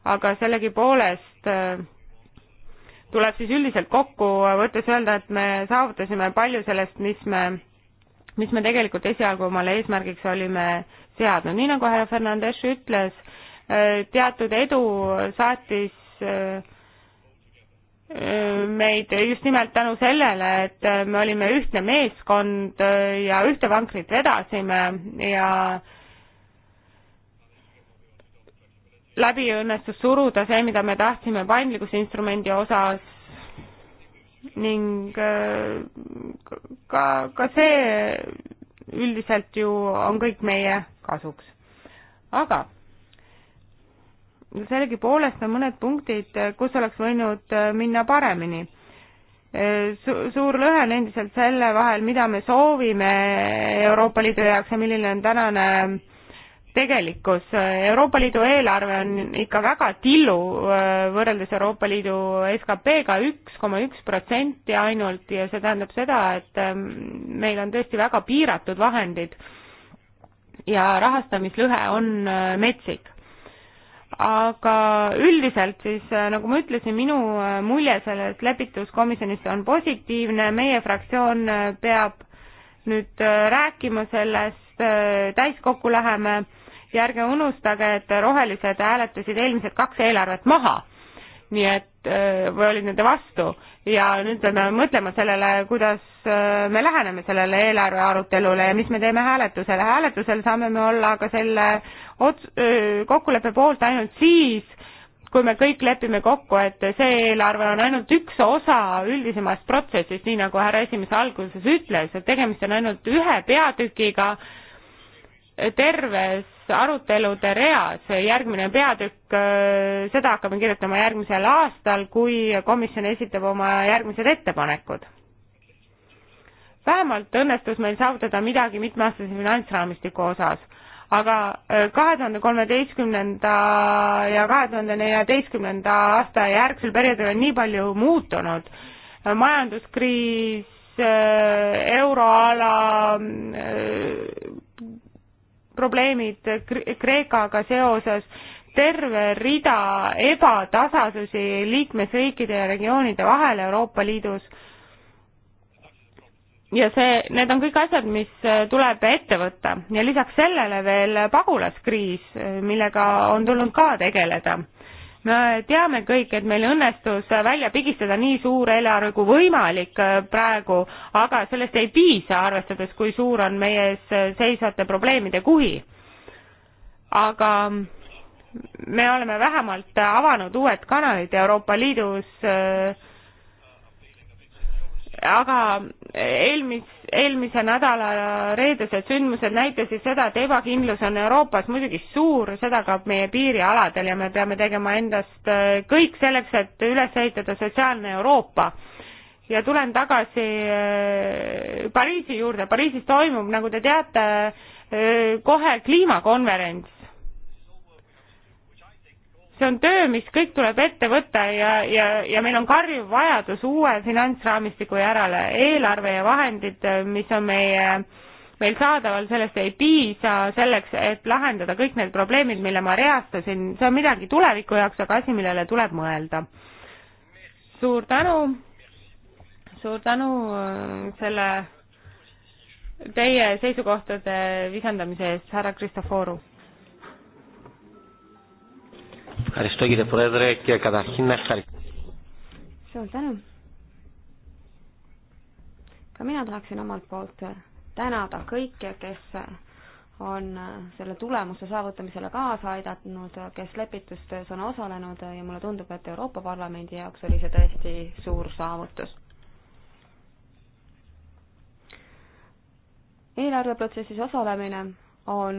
aga sellegipoolest tuleb siis üldiselt kokku võttes öelda, et me saavutasime palju sellest, mis me, mis me tegelikult esialgu omale eesmärgiks olime seadnud. nii nagu härra Fernandes ütles, teatud edu saatis meid just nimelt tänu sellele, et me olime ühtne meeskond ja ühte vankrit vedasime ja läbi õnnestus suruda see, mida me tahtsime paindlikkusinstrumendi osas ning äh, ka, ka see üldiselt ju on kõik meie kasuks. aga sellegipoolest on mõned punktid, kus oleks võinud äh, minna paremini äh, suur lõhe on endiselt selle vahel, mida me soovime Euroopa Liidu jaoks ja milline on tänane tegelikkus. Euroopa Liidu eelarve on ikka väga tillu äh, võrreldes Euroopa Liidu SKP-ga, üks koma üks protsenti ainult ja see tähendab seda, et ähm, meil on tõesti väga piiratud vahendid ja rahastamislõhe on metsik aga üldiselt siis, äh, nagu ma ütlesin, minu äh, mulje sellest lepituskomisjonist on positiivne, meie fraktsioon äh, peab nüüd rääkima sellest, täiskokku läheme ja ärge unustage, et rohelised hääletasid eelmised kaks eelarvet maha, nii et, või olid nende vastu ja nüüd peame mõtlema sellele, kuidas me läheneme sellele eelarve arutelule ja mis me teeme hääletusele. hääletusel saame me olla ka selle äh, ots-, kokkuleppe poolt ainult siis, kui me kõik lepime kokku, et see eelarve on ainult üks osa üldisemast protsessist, nii nagu härra esimees alguses ütles, et tegemist on ainult ühe peatükiga terves arutelude reas. järgmine peatükk, seda hakkame kirjutama järgmisel aastal, kui komisjon esitab oma järgmised ettepanekud. vähemalt õnnestus meil saavutada midagi mitmeaastase finantsraamistiku osas aga äh, kahe tuhande kolmeteistkümnenda ja kahe tuhande neljateistkümnenda aasta järgsel perioodil on nii palju muutunud, majanduskriis, äh, euroala äh, probleemid Kreekaga seoses, terve rida ebatasasusi liikmesriikide ja regioonide vahel Euroopa Liidus ja see, need on kõik asjad, mis äh, tuleb ette võtta ja lisaks sellele veel pagulaskriis, äh, millega on tulnud ka tegeleda. me teame kõik, et meil õnnestus välja pigistada nii suur eelarve kui võimalik äh, praegu, aga sellest ei piisa, arvestades, kui suur on meie ees seisvate probleemide kuhi. aga me oleme vähemalt avanud uued kanalid Euroopa Liidus äh, aga eelmis, eelmise nädala reedesed sündmused näitasid seda, et ebakindlus on Euroopas muidugi suur, seda ka meie piirialadel ja me peame tegema endast äh, kõik selleks, et üles ehitada sotsiaalne Euroopa. ja tulen tagasi äh, Pariisi juurde, Pariisis toimub, nagu te teate, äh, kohe kliimakonverents see on töö, mis kõik tuleb ette võtta ja, ja, ja meil on karjuv vajadus uue finantsraamistiku järele. eelarve ja vahendid, mis on meie, meil saadaval, sellest ei piisa selleks, et lahendada kõik need probleemid, mille ma reastasin. see on midagi tuleviku jaoks, aga asi, millele tuleb mõelda. suur tänu, suur tänu äh, selle teie seisukohtade visandamise eest, härra Kristoforu Ευχαριστώ κύριε Πρόεδρε και καταρχήν να ευχαριστήσω. suur tänu. ka mina tahaksin omalt poolt tänada kõiki, kes on selle tulemuse saavutamisele kaasa aidanud, kes lepitustöös on osalenud ja mulle tundub, et Euroopa Parlamendi jaoks oli see tõesti suur saavutus. eelarveprotsessis osalemine on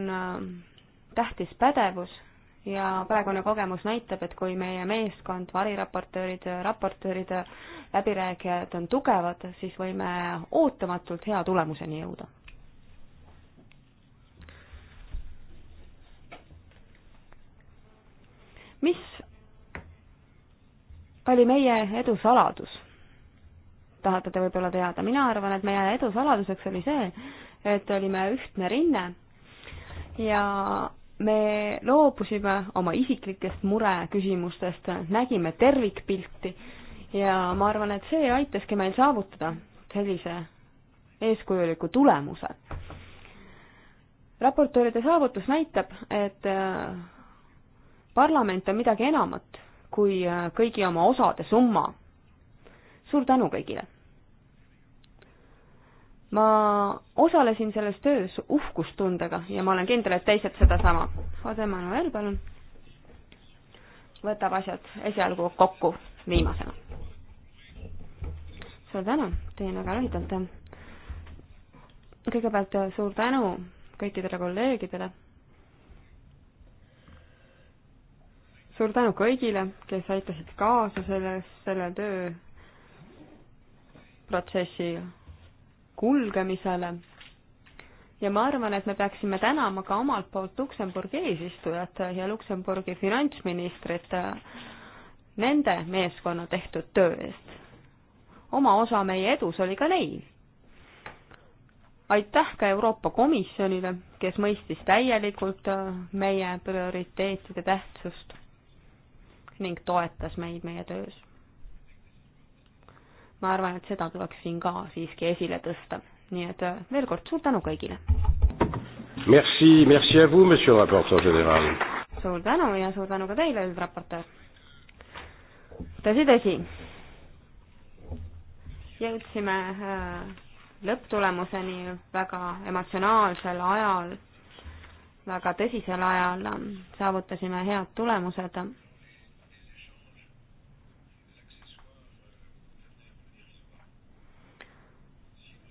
tähtis pädevus ja praegune kogemus näitab, et kui meie meeskond, variraportöörid, raportöörid, läbirääkijad on tugevad, siis võime ootamatult hea tulemuseni jõuda. mis oli meie edu saladus? tahate te võib-olla teada, mina arvan, et meie edu saladuseks oli see, et olime ühtne rinne ja me loobusime oma isiklikest mureküsimustest, nägime tervikpilti ja ma arvan, et see aitaski meil saavutada sellise eeskujuliku tulemuse. raportööride saavutus näitab, et äh, parlament on midagi enamat kui äh, kõigi oma osade summa. suur tänu kõigile! ma osalesin selles töös uhkustundega ja ma olen kindel, et teised sedasama. Jose Manuel, palun, võtab asjad esialgu kokku viimasena. suur tänu, teen väga lühidalt. kõigepealt suur tänu kõikidele kolleegidele. suur tänu kõigile, kes aitasid kaasa selles, selle tööprotsessi kulgemisele. ja ma arvan, et me peaksime tänama ka omalt poolt Luksemburgi eesistujat ja Luksemburgi finantsministrit äh, nende meeskonna tehtud töö eest. oma osa meie edus oli ka neil. aitäh ka Euroopa Komisjonile, kes mõistis täielikult äh, meie prioriteetide tähtsust ning toetas meid meie töös ma arvan, et seda tuleks siin ka siiski esile tõsta. nii et äh, veel kord suur tänu kõigile! Merci, merci à vous, monsieur le rapporteur général. suur tänu ja suur tänu ka teile, üldraportöör. tõsi, tõsi. jõudsime äh, lõpptulemuseni väga emotsionaalsel ajal, väga tõsisel ajal, saavutasime head tulemused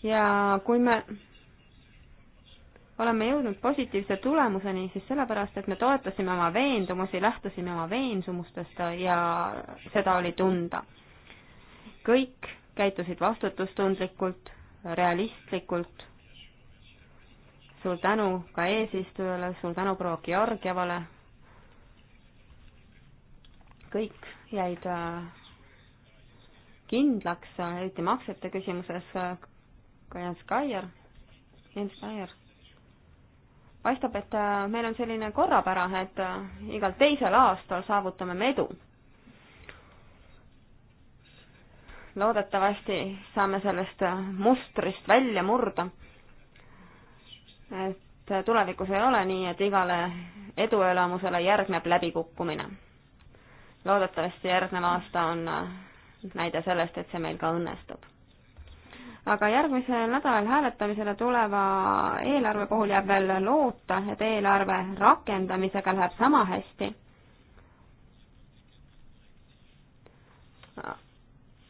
ja kui me oleme jõudnud positiivse tulemuseni, siis sellepärast, et me toetasime oma veendumusi, lähtusime oma veensumustest ja seda oli tunda. kõik käitusid vastutustundlikult, realistlikult. suur tänu ka eesistujale, suur tänu proua Georgievale. kõik jäid äh, kindlaks, eriti maksete küsimuses ka Jens Kaier, Jens Kaier. paistab, et äh, meil on selline korrapära, et äh, igal teisel aastal saavutame me edu. loodetavasti saame sellest äh, mustrist välja murda. et tulevikus ei ole nii, et igale eduelamusele järgneb läbikukkumine. loodetavasti järgnev aasta on näide sellest, et see meil ka õnnestub aga järgmisel nädalal hääletamisele tuleva eelarve puhul jääb veel loota, et eelarve rakendamisega läheb sama hästi.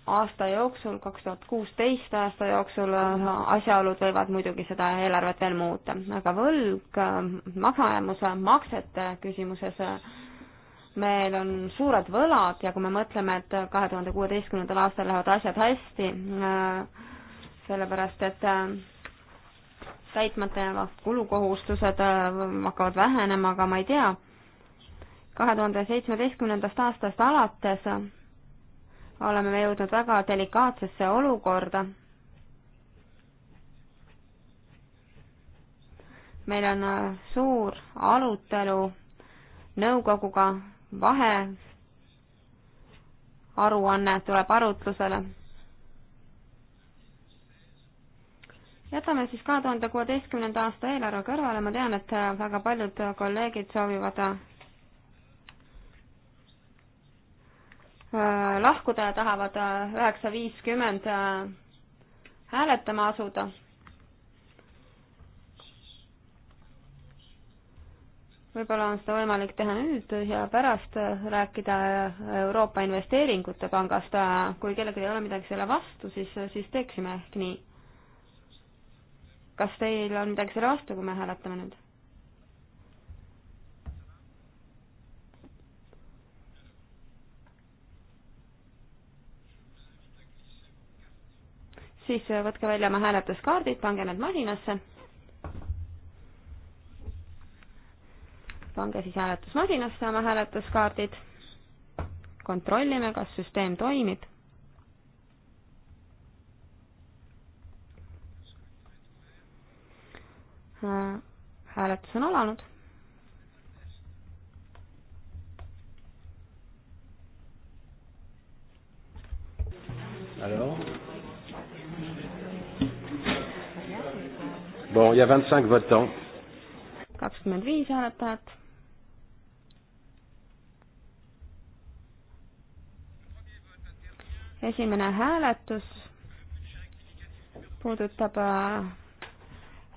aasta jooksul, kaks tuhat kuusteist aasta jooksul, äh, asjaolud võivad muidugi seda eelarvet veel muuta, aga võlg, äh, maksajäämuse maksete küsimuses äh, meil on suured võlad ja kui me mõtleme, et kahe tuhande kuueteistkümnendal aastal lähevad asjad hästi äh,, sellepärast et äh, täitmata jäävad kulukohustused äh, hakkavad vähenema, aga ma ei tea, kahe tuhande seitsmeteistkümnendast aastast alates oleme me jõudnud väga delikaatsesse olukorda. meil on äh, suur arutelu nõukoguga, vahe aruanne tuleb arutlusele jätame siis kahe tuhande kuueteistkümnenda aasta eelarve kõrvale, ma tean, et väga paljud kolleegid soovivad äh, lahkuda ja tahavad äh, üheksa viiskümmend äh, hääletama asuda. võib-olla on seda võimalik teha nüüd ja pärast rääkida Euroopa Investeeringute Pangast, kui kellelgi ei ole midagi selle vastu, siis, siis teeksime ehk nii kas teil on midagi selle vastu, kui me hääletame nüüd? siis võtke välja oma hääletuskaardid, pange need masinasse. pange siis hääletusmasinasse oma hääletuskaardid. kontrollime, kas süsteem toimib hääletus on alanud. Alors Bon, il y a 25 votants. 25 hääletajat. esimene hääletus puudutab äh,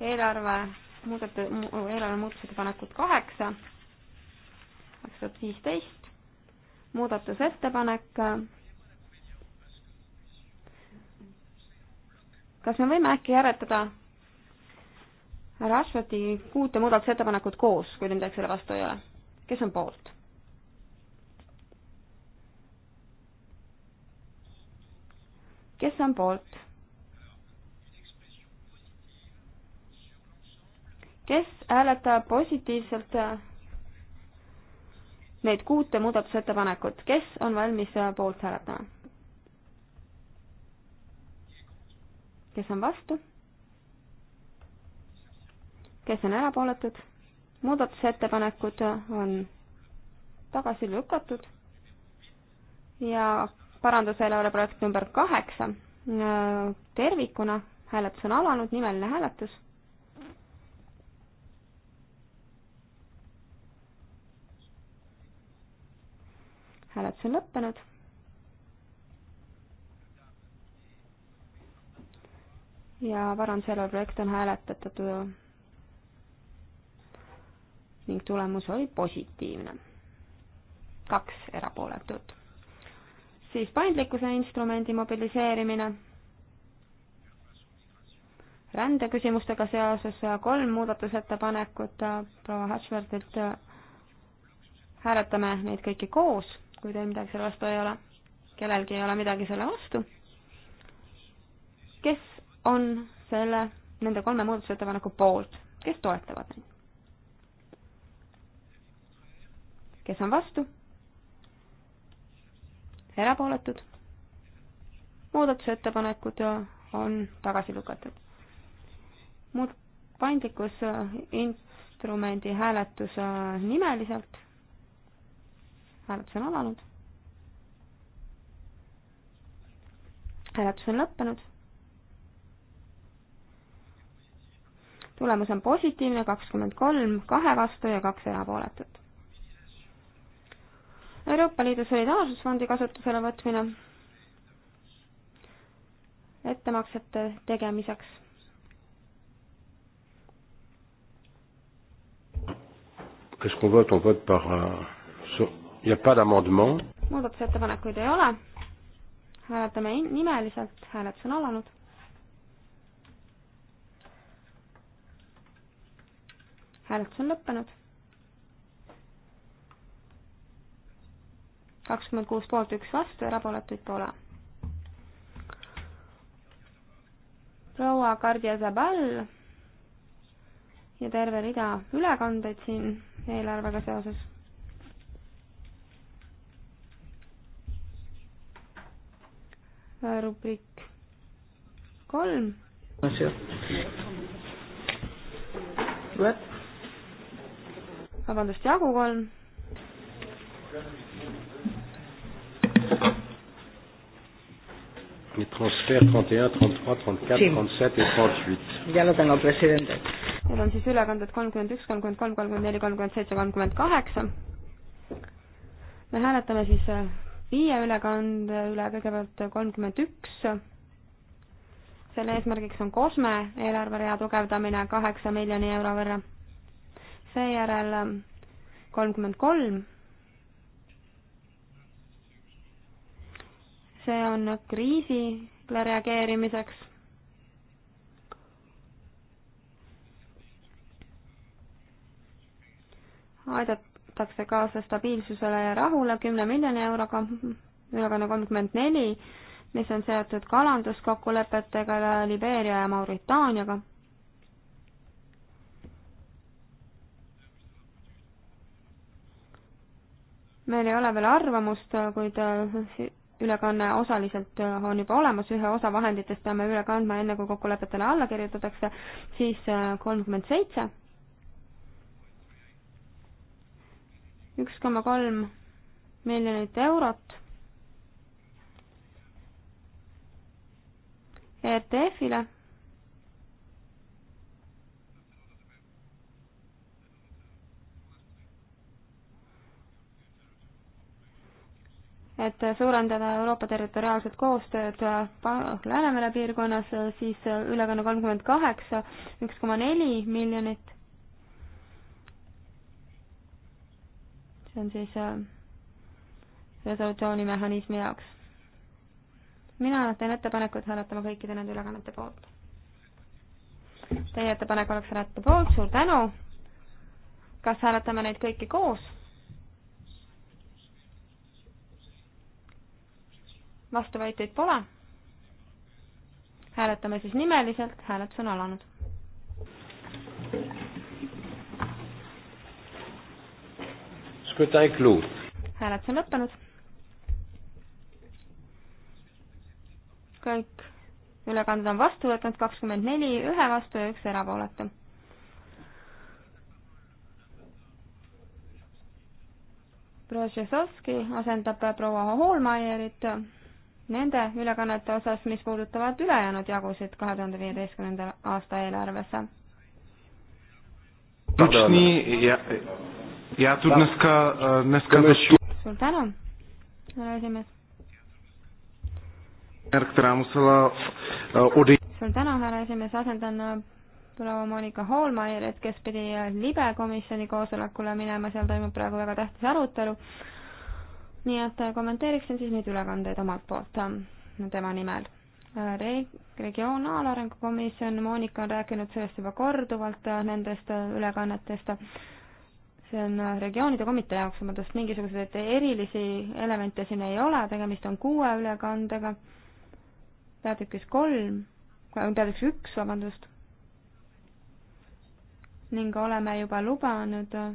eelarve muudet-, eelarve muudatusettepanekut kaheksa, kaks tuhat viisteist, muudatusettepanek. kas me võime äkki hääletada härra Asfati kuute muudatusettepanekut koos, kui te midagi selle vastu ei ole? kes on poolt? kes on poolt? kes hääletab positiivselt äh, neid kuute muudatusettepanekut, kes on valmis äh, poolt hääletama? kes on vastu? kes on erapooletud? muudatusettepanekud äh, on tagasi lükatud ja paranduseelarve projekt number kaheksa tervikuna hääletus on alanud, nimeline hääletus hääletus on lõppenud. ja Varanseelo projekt on hääletatud ning tulemus oli positiivne. kaks erapooletut. siis paindlikkuse instrumendi mobiliseerimine. rändeküsimustega seoses kolm muudatusettepanekut proua Hatchfordilt. hääletame neid kõiki koos kui teil midagi selle vastu ei ole, kellelgi ei ole midagi selle vastu. kes on selle, nende kolme muudatusettepaneku poolt, kes toetavad neid? kes on vastu? erapooletud? muudatusettepanekud on tagasi lükatud. muud paindlikkusinstrumendi hääletus nimeliselt hääletus on alanud. hääletus on lõppenud. tulemus on positiivne, kakskümmend kolm kahe vastu ja kaks erapooletut. Euroopa Liidu Solidaarsusfondi kasutusele võtmine ettemaksete tegemiseks Qu'est-ce qu'on vote On vote par un, euh, muudatusettepanekuid ei ole. hääletame nimeliselt, hääletus on alanud. hääletus on lõppenud. kakskümmend kuus poolt, üks vastu, erapooletuid pole. proua Kardia Zabal ja terve rida ülekandeid siin eelarvega seoses rubriik kolm. vabandust, jagu kolm. Les transferts 31, 33, 34, sí. 37 et 38. Ya lo tengo, presidente. Need on siis ülekanded kolmkümmend üks, kolmkümmend kolm, kolmkümmend neli, kolmkümmend seitse, kolmkümmend kaheksa. me hääletame siis äh, viie ülekande üle kõigepealt kolmkümmend üks. selle eesmärgiks on COSME eelarverea tugevdamine kaheksa miljoni euro võrra. seejärel kolmkümmend kolm. see on kriisile reageerimiseks aidat-, aidatakse kaasa stabiilsusele ja rahule kümne miljoni euroga, ülekanne kolmkümmend neli, mis on seotud kalanduskokkulepetega Libeeria ja Mauritaaniaga. meil ei ole veel arvamust, kuid äh, ülekanne osaliselt on juba olemas, ühe osa vahenditest peame üle kandma enne, kui kokkulepetele alla kirjutatakse, siis äh, kolmkümmend seitse üks koma kolm miljonit eurot RTF-ile e et suurendada Euroopa territoriaalset koostööd äh, Läänemere piirkonnas, äh, siis äh, ülekanne kolmkümmend kaheksa, üks koma neli miljonit. see on siis äh, resolutsioonimehhanismi jaoks. mina teen ettepanekut hääletama kõikide nende ülekannete poolt. Teie ettepanek oleks hääletada poolt, suur tänu. kas hääletame neid kõiki koos? vastuväiteid pole. hääletame siis nimeliselt, hääletus on alanud scrutin est clos. hääletus on lõppenud. kõik ülekanded on vastu võtnud, kakskümmend neli, ühe vastu ja üks erapooletu. Brožesovski asendab proua Hoolmeierit nende ülekannete osas, mis puudutavad ülejäänud jagusid kahe tuhande viieteistkümnenda aasta eelarvesse. Já tu dneska, e, dneska začnu. Suur tänu, härra esimees. E, suur tänu, härra esimees, asendan e, proua Monika Hoolmeierit, kes pidi libe komisjoni koosolekule minema, seal toimub praegu väga tähtis arutelu. nii et kommenteeriksin siis neid ülekandeid omalt poolt tema nimel Re. Regionaalarengu komisjon, Monika on rääkinud sellest juba korduvalt, nendest ülekannetest see on äh, regioonide komitee jaoks, ma tõst mingisuguseid erilisi elemente siin ei ole, tegemist on kuue ülekandega, peatükis kolm, äh, peatükis üks, vabandust, ning oleme juba lubanud äh,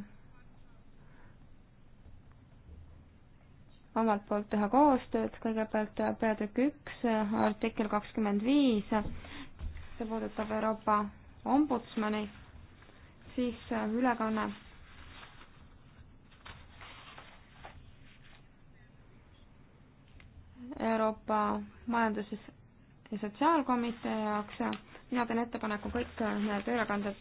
omalt poolt teha koostööd, kõigepealt peatükk üks, artikkel kakskümmend viis, see puudutab Euroopa ombudsmani, siis ülekanne Euroopa Majandus- ja Sotsiaalkomitee jaoks. mina teen ettepaneku kõik need ülekanded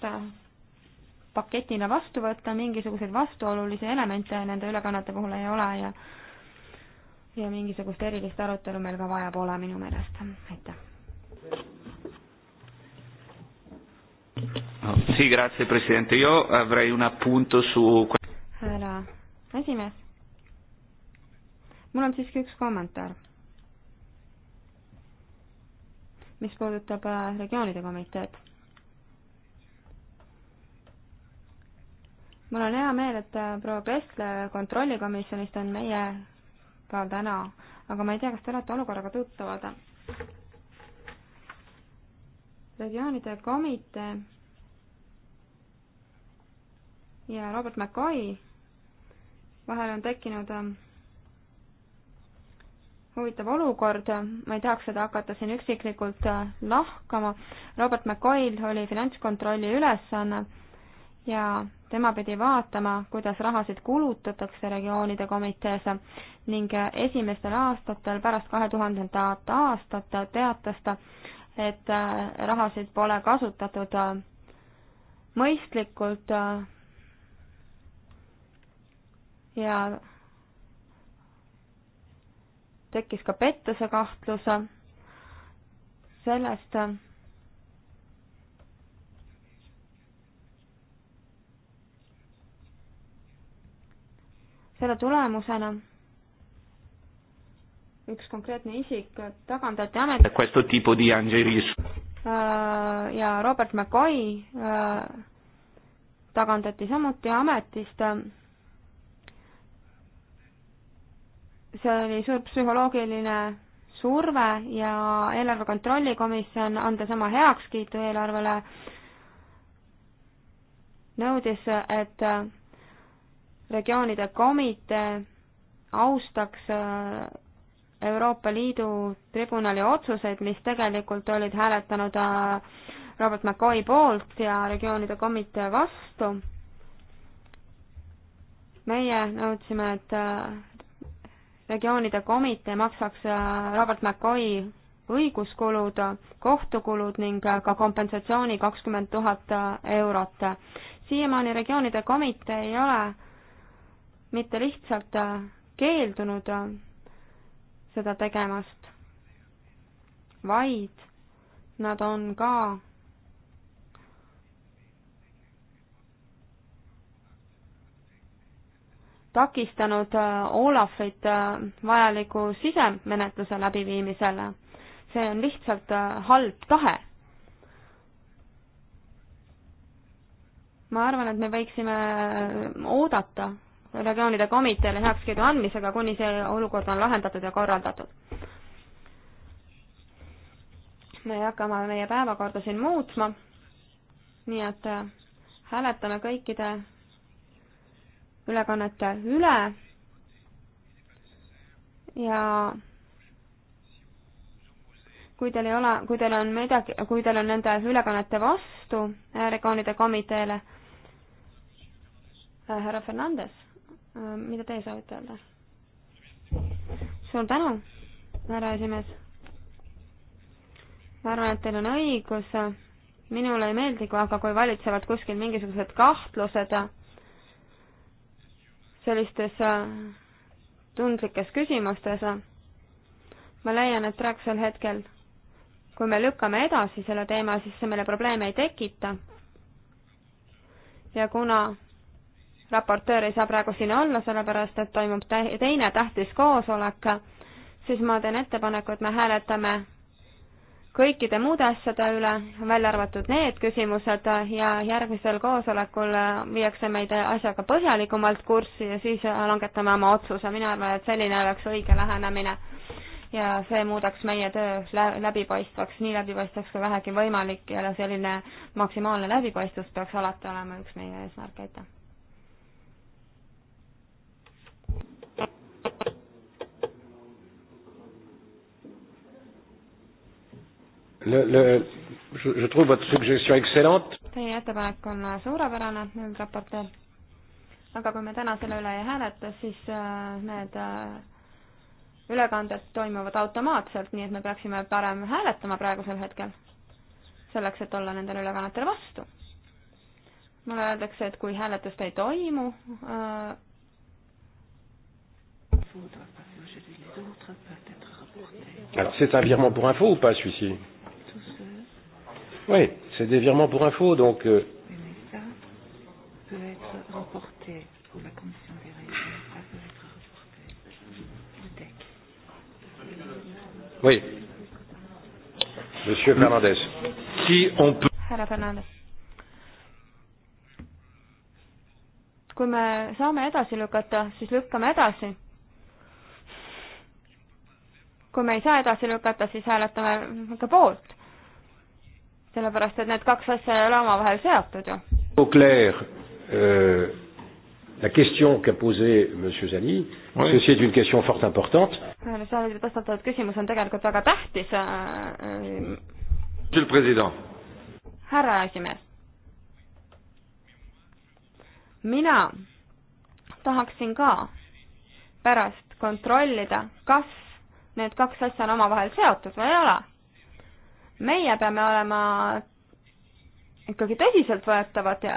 paketina vastu võtta, mingisuguseid vastuolulisi elemente nende ülekannete puhul ei ole ja ja mingisugust erilist arutelu meil ka vaja pole minu meelest, aitäh. Sì, grazie Presidente. Io avrei un appunto su... Härra esimees, mul on siiski üks kommentaar mis puudutab äh, regioonide komiteed. mul on hea meel, et äh, proua Kessler kontrollikomisjonist on meiega täna, aga ma ei tea, kas te olete olukorraga tuttavad. regioonide komitee ja Robert McCoy vahel on tekkinud äh, huvitav olukord, ma ei tahaks seda hakata siin üksiklikult äh, lahkama. Robert McCoy oli finantskontrolli ülesanne ja tema pidi vaatama, kuidas rahasid kulutatakse regioonide komitees ning äh, esimestel aastatel pärast kahe tuhandendat aastat teatas ta, et äh, rahasid pole kasutatud mõistlikult ja tekkis ka pettuse kahtlus sellest, selle tulemusena üks konkreetne isik tagandati amet-. Questo tipo di Angelis. Äh, ja Robert McCoy äh, tagandati samuti ametist see oli suur psühholoogiline surve ja eelarve kontrolli komisjon, andes oma heakskiitu eelarvele, nõudis, et regioonide komitee austaks Euroopa Liidu tribunali otsuseid, mis tegelikult olid hääletanud äh, Robert McCoy poolt ja regioonide komitee vastu. meie nõudsime, et äh, regioonide komitee maksaks äh, Robert McCoy õiguskulud, kohtukulud ning äh, ka kompensatsiooni kakskümmend tuhat äh, eurot. siiamaani regioonide komitee ei ole mitte lihtsalt keeldunud seda tegemast, vaid nad on ka takistanud äh, Olafit äh, vajaliku sisemenetluse läbiviimisel. see on lihtsalt äh, halb tahe. ma arvan, et me võiksime oodata regioonide komiteele heakskiidu andmisega, kuni see olukord on lahendatud ja korraldatud. me hakkame meie päevakorda siin muutma, nii et hääletame kõikide ülekannete üle ja kui teil ei ole, kui teil on midagi, kui teil on nende ülekannete vastu äh, regioonide komiteele, äh, härra Fernandes, äh, mida teie soovite öelda? suur tänu, härra esimees. ma arvan, et teil on õigus, minule ei meeldi, aga kui valitsevad kuskil mingisugused kahtlused sellistes äh, tundlikes küsimustes. ma leian, et praegusel hetkel, kui me lükkame edasi selle teema, siis see meile probleeme ei tekita. ja kuna raportöör ei saa praegu siin olla, sellepärast et toimub teine tähtis koosolek, siis ma teen ettepaneku, et me hääletame kõikide muude asjade üle, välja arvatud need küsimused ja järgmisel koosolekul viiakse meid asjaga põhjalikumalt kurssi ja siis langetame oma otsuse. mina arvan, et selline oleks õige lähenemine ja see muudaks meie töö läbipaistvaks, nii läbipaistvaks kui vähegi võimalik ja selline maksimaalne läbipaistvus peaks alati olema üks meie eesmärk, aitäh! le, le, je, je trouve votre suggestion excellente. Teie ettepanek on äh, suurepärane, üldraportöör. aga kui me täna selle üle ei hääleta, siis äh, need äh, ülekanded toimuvad automaatselt, nii et me peaksime parem hääletama praegusel hetkel, selleks et olla nendele ülekannetele vastu. mulle öeldakse, et kui hääletust ei toimu äh, Alors, c'est un virement pour info ou pas celui-ci Oui, c'est des virements pour info, donc. Euh... Mais ça peut être remporté pour la commission des régions. Ça peut être remporté. Le DEC. Oui. Monsieur Fernandez. Si on peut. härra Fernandes. kui me saame edasi lükata, siis lükkame edasi kui me ei saa edasi lükata, siis hääletame ka poolt sellepärast, et need kaks asja ei ole omavahel seotud ju. Euh, la question qu'a posée M. Zani, oui. ceci est une question fort importante. tõstatatud küsimus on tegelikult väga tähtis. Äh, äh, Monsieur le Président. härra esimees. mina tahaksin ka pärast kontrollida, kas need kaks asja on omavahel seotud või ei ole meie peame olema ikkagi tõsiseltvõetavad ja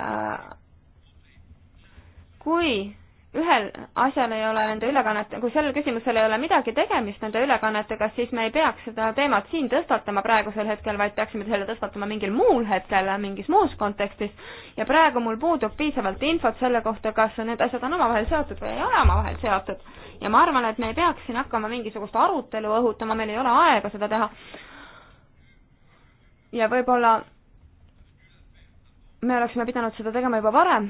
kui ühel asjal ei ole nende ülekannete, kui sellel küsimusel ei ole midagi tegemist nende ülekannetega, siis me ei peaks seda teemat siin tõstatama praegusel hetkel, vaid peaksime selle tõstatama mingil muul hetkel, mingis muus kontekstis. ja praegu mul puudub piisavalt infot selle kohta, kas need asjad on omavahel seotud või ei ole omavahel seotud. ja ma arvan, et me ei peaks siin hakkama mingisugust arutelu õhutama, meil ei ole aega seda teha ja võib-olla me oleksime pidanud seda tegema juba varem.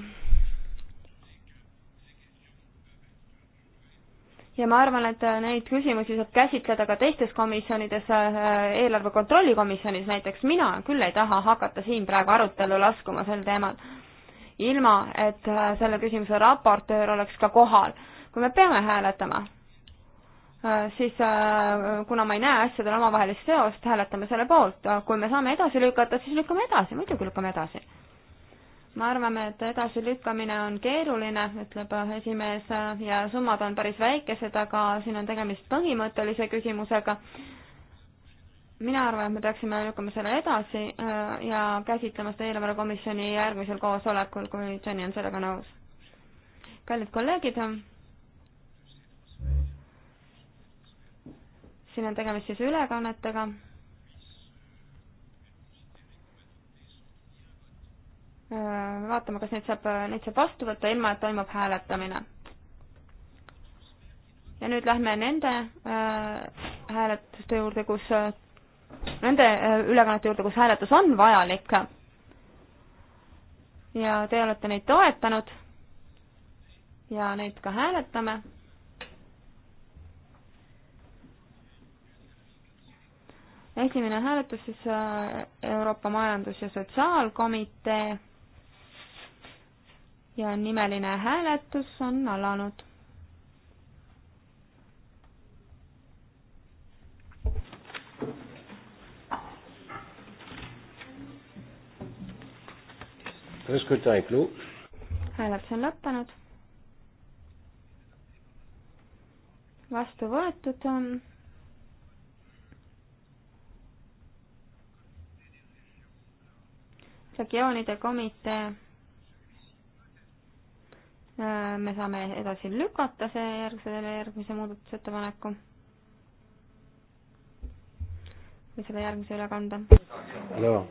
ja ma arvan, et neid küsimusi saab käsitleda ka teistes komisjonides, eelarve kontrolli komisjonis näiteks, mina küll ei taha hakata siin praegu arutelu laskuma sel teemal, ilma et selle küsimuse raportöör oleks ka kohal, kui me peame hääletama Äh, siis äh, kuna ma ei näe asjadel omavahelist seost, hääletame selle poolt. Äh, kui me saame edasi lükata, siis lükkame edasi, muidugi lükkame edasi. me arvame, et edasilükkamine on keeruline, ütleb esimees, ja summad on päris väikesed, aga siin on tegemist põhimõttelise küsimusega mina arvan, et me peaksime lükkama selle edasi ja käsitlema seda eelarvekomisjoni järgmisel koosolekul, kui Johnny on sellega nõus. kallid kolleegid, siin on tegemist siis ülekannetega. Äh, vaatame, kas neid saab, neid saab vastu võtta, ilma et toimub hääletamine. ja nüüd lähme nende äh, hääletuste juurde, kus äh,, nende äh, ülekannete juurde, kus hääletus on vajalik. ja te olete neid toetanud ja neid ka hääletame esimene hääletus siis äh, Euroopa Majandus- ja Sotsiaalkomitee ja nimeline hääletus on alanud. hääletus on lõppenud. vastu võetud on regioonide komitee. Äh, me saame edasi lükata see järgmisele, järgmise muudatusettepaneku või selle järgmise üle kanda. halloo.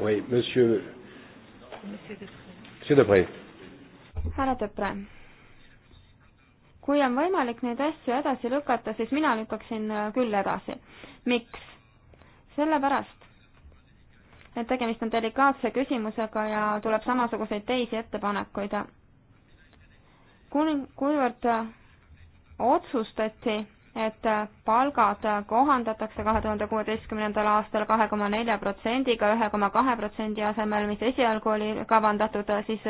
Oui, monsieur. Monsieur Depré. Monsieur Depré. Härra Depré kui on võimalik neid asju edasi lükata, siis mina lükkaksin äh, küll edasi. miks? sellepärast, et tegemist on delikaatse küsimusega ja tuleb samasuguseid teisi ettepanekuid. kuni, kuivõrd äh, otsustati et palgad kohandatakse kahe tuhande kuueteistkümnendal aastal kahe koma nelja protsendiga ühe koma kahe protsendi asemel, mis esialgu oli kavandatud, siis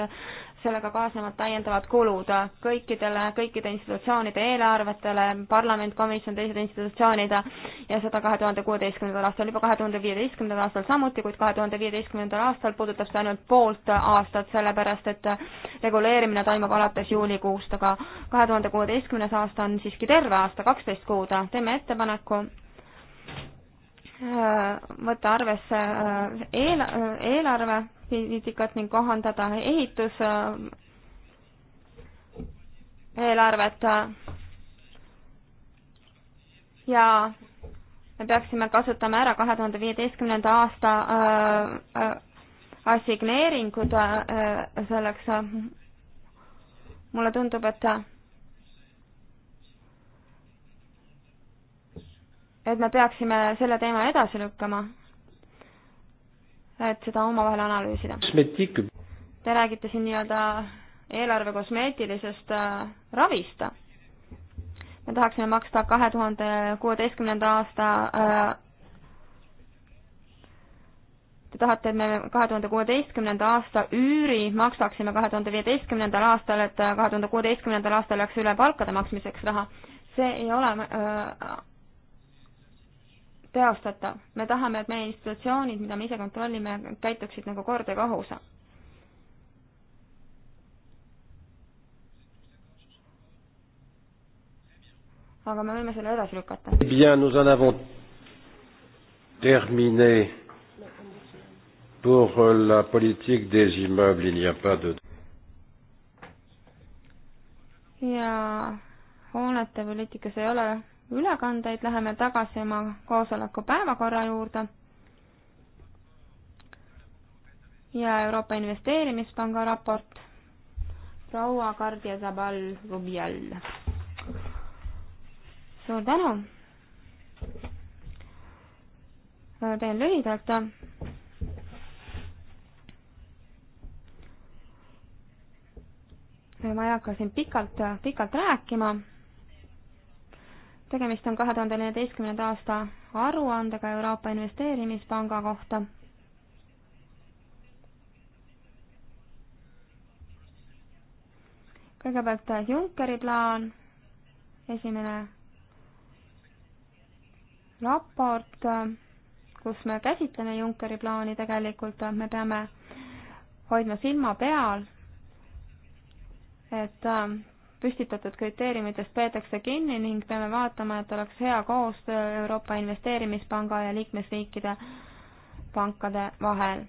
sellega kaasnevad täiendavad kulud kõikidele, kõikide institutsioonide eelarvetele, parlament, komisjon, teised institutsioonid ja seda kahe tuhande kuueteistkümnendal aastal, juba kahe tuhande viieteistkümnendal aastal samuti, kuid kahe tuhande viieteistkümnendal aastal puudutab see ainult poolt aastat, sellepärast et reguleerimine toimub alates juulikuust, aga kahe tuhande kuueteistkümnes aasta on siiski terve aasta, kaksteist kaksteist kuud, teeme ettepaneku äh, võtta arvesse äh, eel-, äh, eelarvepoliitikat ning kohandada ehitus eelarvet ja me peaksime kasutama ära kahe tuhande viieteistkümnenda aasta assigneeringud selleks. mulle tundub, et et me peaksime selle teema edasi lükkama, et seda omavahel analüüsida. Te räägite siin nii-öelda eelarve kosmeetilisest äh, ravist. me tahaksime maksta kahe tuhande kuueteistkümnenda aasta äh, Te tahate, et me kahe tuhande kuueteistkümnenda aasta üüri maksaksime kahe tuhande viieteistkümnendal aastal, et äh, kahe tuhande kuueteistkümnendal aastal läks üle palkade maksmiseks raha. see ei ole teostatav. me tahame, et meie institutsioonid, mida me ise kontrollime, käituksid nagu kord ja kohus. aga me võime selle edasi lükata. Eh bien, nous en avons terminé pour euh, la politique des immeubles, il n'y a pas de ja hoonete poliitikas ei ole ülekandeid, läheme tagasi oma koosoleku päevakorra juurde. ja Euroopa Investeerimispanga raport, proua Kardia Zabal Rubial. suur tänu. teen lühidalt ma ei hakka siin pikalt, pikalt rääkima, tegemist on kahe tuhande neljateistkümnenda aasta aruandega Euroopa Investeerimispanga kohta. kõigepealt Junckeri plaan, esimene raport, kus me käsitleme Junckeri plaani tegelikult, me peame hoidma silma peal, et püstitatud kriteeriumitest peetakse kinni ning peame vaatama, et oleks hea koostöö Euroopa Investeerimispanga ja liikmesriikide pankade vahel,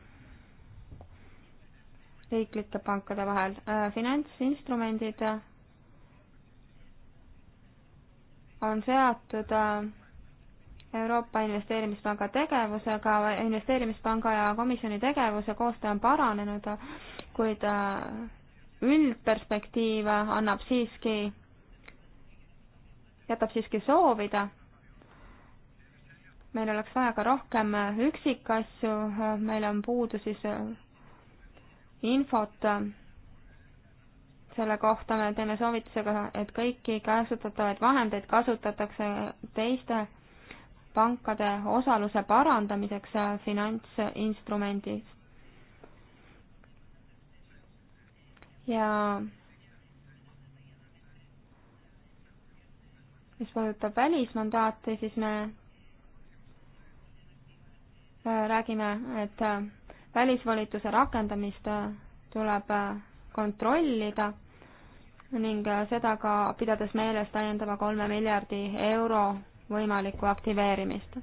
riiklike pankade vahel. Äh, finantsinstrumendid on seotud äh, Euroopa Investeerimispanga tegevusega, investeerimispanga ja komisjoni tegevuse koostöö on paranenud, kuid äh, üldperspektiiv annab siiski, jätab siiski soovida. meil oleks vaja ka rohkem üksikasju, meil on puudu siis infot selle kohta, me teeme soovitusega, et kõiki kasutatavaid vahendeid kasutatakse teiste pankade osaluse parandamiseks finantsinstrumendist ja mis puudutab välismandaate, siis me äh, räägime, et äh, välisvolituse rakendamist äh, tuleb kontrollida ning seda ka pidades meeles täiendava kolme miljardi euro võimalikku aktiveerimist.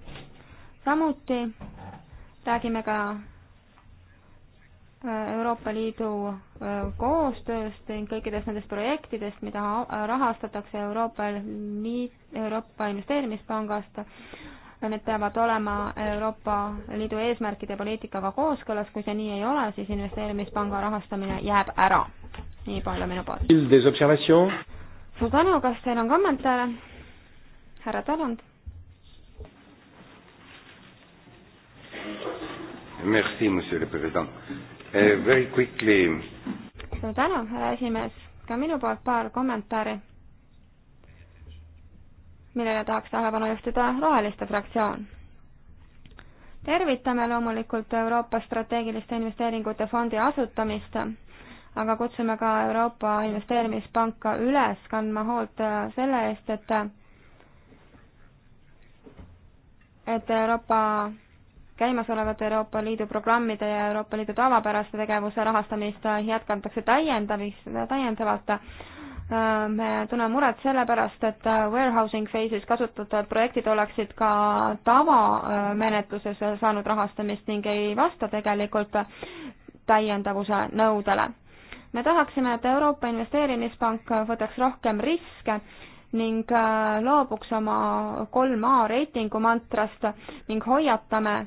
samuti räägime ka Äh, Euroopa Liidu äh, koostööst ning kõikidest nendest projektidest, mida rahastatakse Euroopa Liit, Euroopa Investeerimispangast. Need peavad olema Euroopa Liidu eesmärkide poliitikaga kooskõlas, kui see nii ei ole, siis investeerimispanga rahastamine jääb ära. nii palju minu poolt. suur tänu, kas teil on kommentaare? härra Tarand. Merci, monsieur le president Eh, very quickly. suur tänu, härra esimees, ka minu poolt paar kommentaari, millele tahaks tähelepanu juhtida Roheliste fraktsioon. tervitame loomulikult Euroopa strateegiliste investeeringute fondi asutamist, aga kutsume ka Euroopa Investeerimispanka üles kandma hoolt selle eest, et et Euroopa käimasolevate Euroopa Liidu programmide ja Euroopa Liidu tavapäraste tegevuse rahastamist jätkatakse täiendavis, täiendavalt. me tunneme muret selle pärast, et warehousing phase'is kasutatavad projektid oleksid ka tavamenetluses saanud rahastamist ning ei vasta tegelikult täiendavuse nõudele. me tahaksime, et Euroopa Investeerimispank võtaks rohkem riske ning loobuks oma kolm A reitingu mantrast ning hoiatame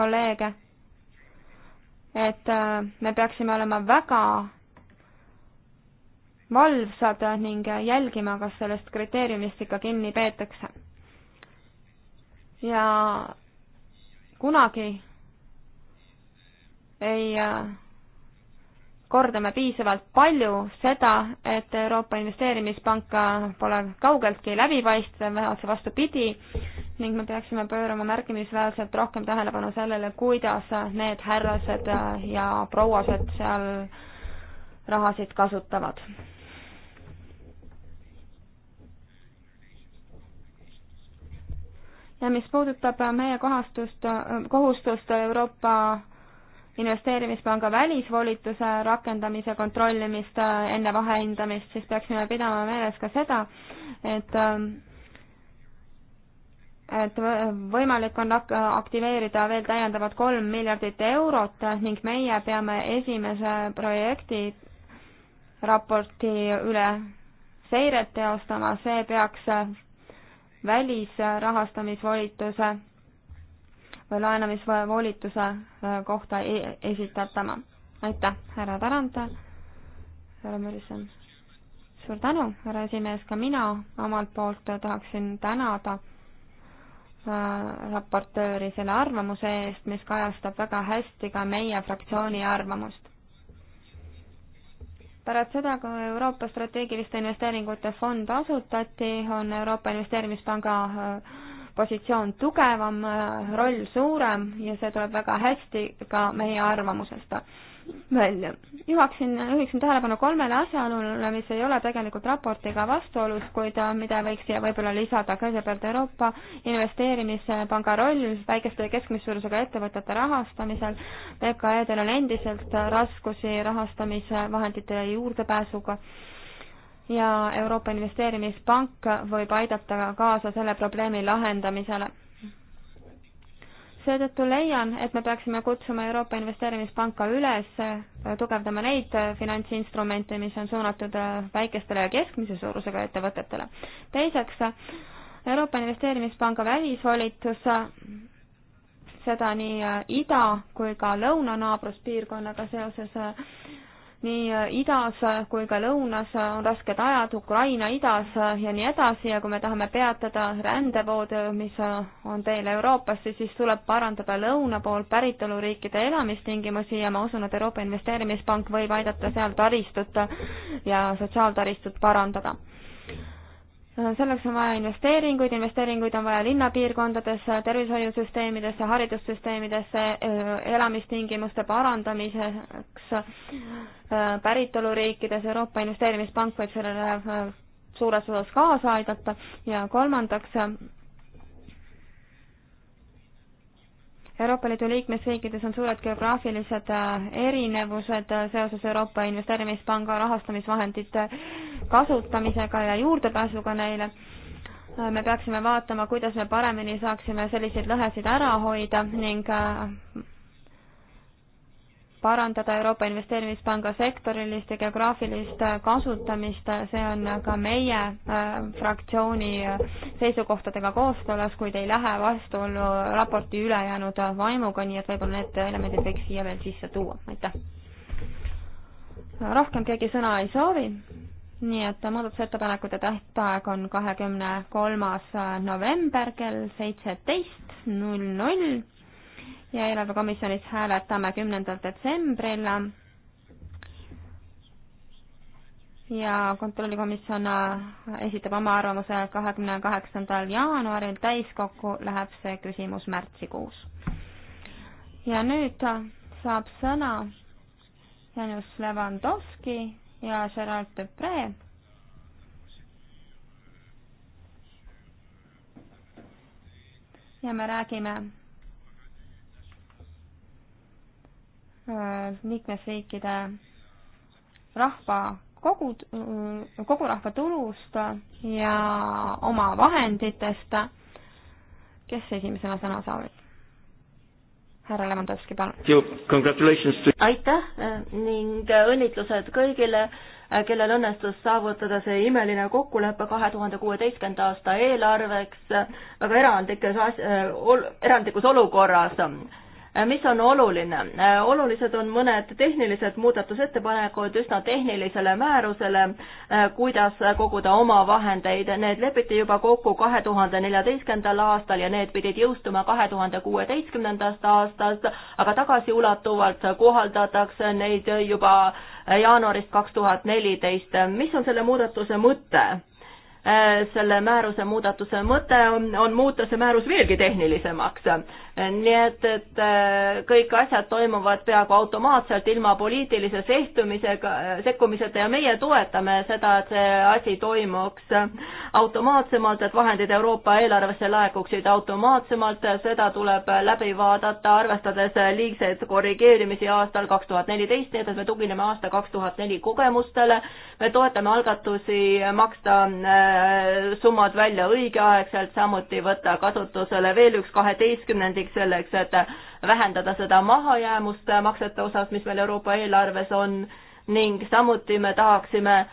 kolleege, et äh, me peaksime olema väga valvsad ning jälgima, kas sellest kriteeriumist ikka kinni peetakse. ja kunagi ei äh, kordame piisavalt palju seda, et Euroopa Investeerimispank äh, pole kaugeltki läbipaistev, otse vastupidi, ning me peaksime pöörama märkimisväärselt rohkem tähelepanu sellele, kuidas need härrased ja prouased seal rahasid kasutavad. ja mis puudutab meie kohastust, kohustust Euroopa investeerimispanga välisvolituse rakendamise kontrollimist enne vahehindamist, siis peaksime pidama meeles ka seda, et et võimalik on aktiveerida veel täiendavad kolm miljardit eurot ning meie peame esimese projekti raporti üle seiret teostama, see peaks välisrahastamisvolituse või laenamisvolituse äh, kohta e-, esitatama. aitäh, härra Tarand, härra Mõrison. suur tänu, härra esimees, ka mina omalt poolt tahaksin tänada raportööri selle arvamuse eest, mis kajastab väga hästi ka meie fraktsiooni arvamust. pärast seda, kui Euroopa strateegiliste investeeringute fond asutati, on Euroopa Investeerimispanga äh, positsioon tugevam, äh, roll suurem ja see tuleb väga hästi ka meie arvamusest välja. juhaksin, juhiksin tähelepanu kolmele asjaolule, mis ei ole tegelikult raportiga vastuolus, kuid äh, mida võiks siia võib-olla lisada. kõigepealt Euroopa Investeerimispanga roll väikeste ja keskmise suurusega ettevõtete rahastamisel. EKE-del on endiselt raskusi rahastamisvahendite juurdepääsuga ja Euroopa Investeerimispank võib aidata kaasa selle probleemi lahendamisele seetõttu leian, et me peaksime kutsuma Euroopa Investeerimispanka üles äh, tugevdama neid äh, finantsinstrumente, mis on suunatud äh, väikestele ja keskmise suurusega ettevõtetele. teiseks, Euroopa Investeerimispanga välisvolitus, seda nii ida kui ka lõunanaabruspiirkonnaga seoses nii äh, idas äh, kui ka lõunas äh, on rasked ajad, Ukraina idas ja nii edasi ja kui me tahame peatada rändevood, mis on teel Euroopasse, siis tuleb parandada lõuna poolt päritoluriikide elamistingimusi ja ma usun, et Euroopa Investeerimispank võib aidata seal taristut ja sotsiaaltaristut parandada selleks on vaja investeeringuid, investeeringuid on vaja linnapiirkondadesse, tervishoiusüsteemidesse, haridussüsteemidesse, eh, elamistingimuste parandamiseks eh, päritoluriikides, Euroopa Investeerimispank võib sellele eh, suures osas kaasa aidata ja kolmandaks Euroopa Liidu liikmesriikides on suured geograafilised äh, erinevused äh, seoses Euroopa Investeerimispanga rahastamisvahendite kasutamisega ja juurdepääsuga neile. Äh, me peaksime vaatama, kuidas me paremini saaksime selliseid lõhesid ära hoida ning parandada Euroopa Investeerimispanga sektorilist ja geograafilist kasutamist, see on ka meie äh, fraktsiooni seisukohtadega kooskõlas, kuid ei lähe vastuollu raporti ülejäänud vaimuga, nii et võib-olla need elemendid võiks siia veel sisse tuua, aitäh. rohkem keegi sõna ei soovi, nii et muudatusettepanekute tähtaeg on kahekümne kolmas november kell seitseteist null null ja eelarvekomisjonis hääletame kümnendal detsembril. ja kontrollikomisjon äh, esitab oma arvamuse kahekümne kaheksandal jaanuaril, täiskokku läheb see küsimus märtsikuus. ja nüüd äh, saab sõna Janus Levandovski ja Gerard Depre. ja me räägime Äh, liikmesriikide rahva kogu, äh, kogu rahva tulust ja oma vahenditest. kes esimesena sõna soovib? härra Levandovski, palun. aitäh äh, ning õnnitlused kõigile, kellel õnnestus saavutada see imeline kokkulepe kahe tuhande kuueteistkümnenda aasta eelarveks väga erandlikes as-, erandlikus olukorras Äh, mis on oluline? Äh, olulised on mõned tehnilised muudatusettepanekud üsna tehnilisele määrusele, äh, kuidas koguda omavahendeid, need lepiti juba kokku kahe tuhande neljateistkümnendal aastal ja need pidid jõustuma kahe tuhande kuueteistkümnendast aastast, aga tagasiulatuvalt kohaldatakse neid juba jaanuarist kaks tuhat neliteist. mis on selle muudatuse mõte? selle määruse muudatuse mõte on, on muuta see määrus veelgi tehnilisemaks nii et, et äh, kõik asjad toimuvad peaaegu automaatselt ilma poliitilise sehtumisega, äh, sekkumiseta ja meie toetame seda, et see asi toimuks automaatsemalt, et vahendid Euroopa eelarvesse laekuksid automaatsemalt, seda tuleb läbi vaadata, arvestades liigseid korrigeerimisi aastal kaks tuhat neliteist, nii et, et me tugineme aasta kaks tuhat neli kogemustele, me toetame algatusi maksta äh, summad välja õigeaegselt, samuti võtta kasutusele veel üks kaheteistkümnendik valmis selleks, et vähendada seda mahajäämust maksete osas, mis meil Euroopa eelarves on ning samuti me tahaksime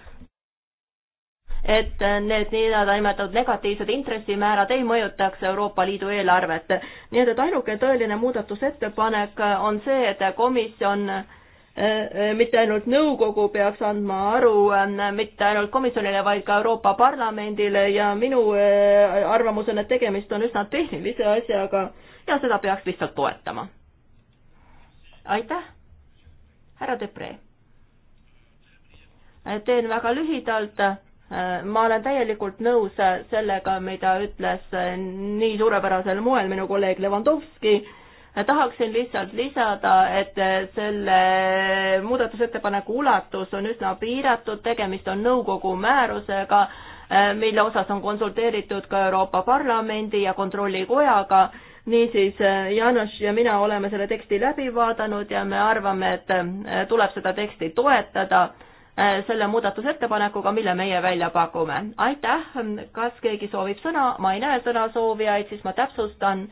et need nii-öelda nimetatud negatiivsed intressimäärad ei mõjutaks Euroopa Liidu eelarvet. nii et, et ainuke tõeline muudatusettepanek on see, et komisjon eh, mitte ainult nõukogu peaks andma aru eh, mitte ainult komisjonile, vaid ka Euroopa Parlamendile ja minu eh, arvamus on, et tegemist on üsna tehnilise asjaga ja seda peaks lihtsalt toetama. aitäh, härra Depree. teen väga lühidalt ma olen täielikult nõus sellega, mida ütles nii suurepärasel moel minu kolleeg Levanovski. tahaksin lihtsalt lisada, et selle muudatusettepaneku ulatus on üsna piiratud, tegemist on nõukogu määrusega, mille osas on konsulteeritud ka Euroopa Parlamendi ja Kontrollikojaga niisiis, äh, Jaanus ja mina oleme selle teksti läbi vaadanud ja me arvame, et äh, tuleb seda teksti toetada äh, selle muudatusettepanekuga, mille meie välja pakume. aitäh, kas keegi soovib sõna, ma ei näe sõnasoovijaid, siis ma täpsustan,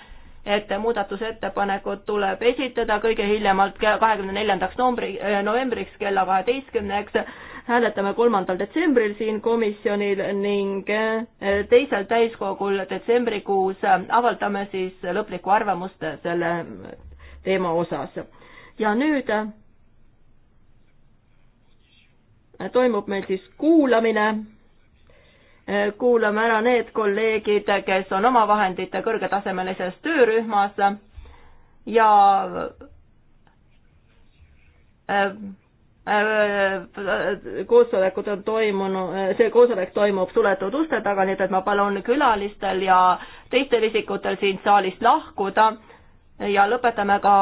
et muudatusettepanekud tuleb esitada kõige hiljemalt kahekümne neljandaks novembriks kella kaheteistkümneks hääletame kolmandal detsembril siin komisjonil ning eh, teisel täiskogul detsembrikuus avaldame siis lõplikku arvamust selle teema osas. ja nüüd eh, toimub meil siis kuulamine eh, kuulame ära need kolleegid, kes on omavahendite kõrgetasemelises töörühmas ja Äh, äh, koosolekud on toimunud, äh, see koosolek toimub suletud uste taga, nii et ma palun külalistel ja teistel isikutel siin saalist lahkuda ja lõpetame ka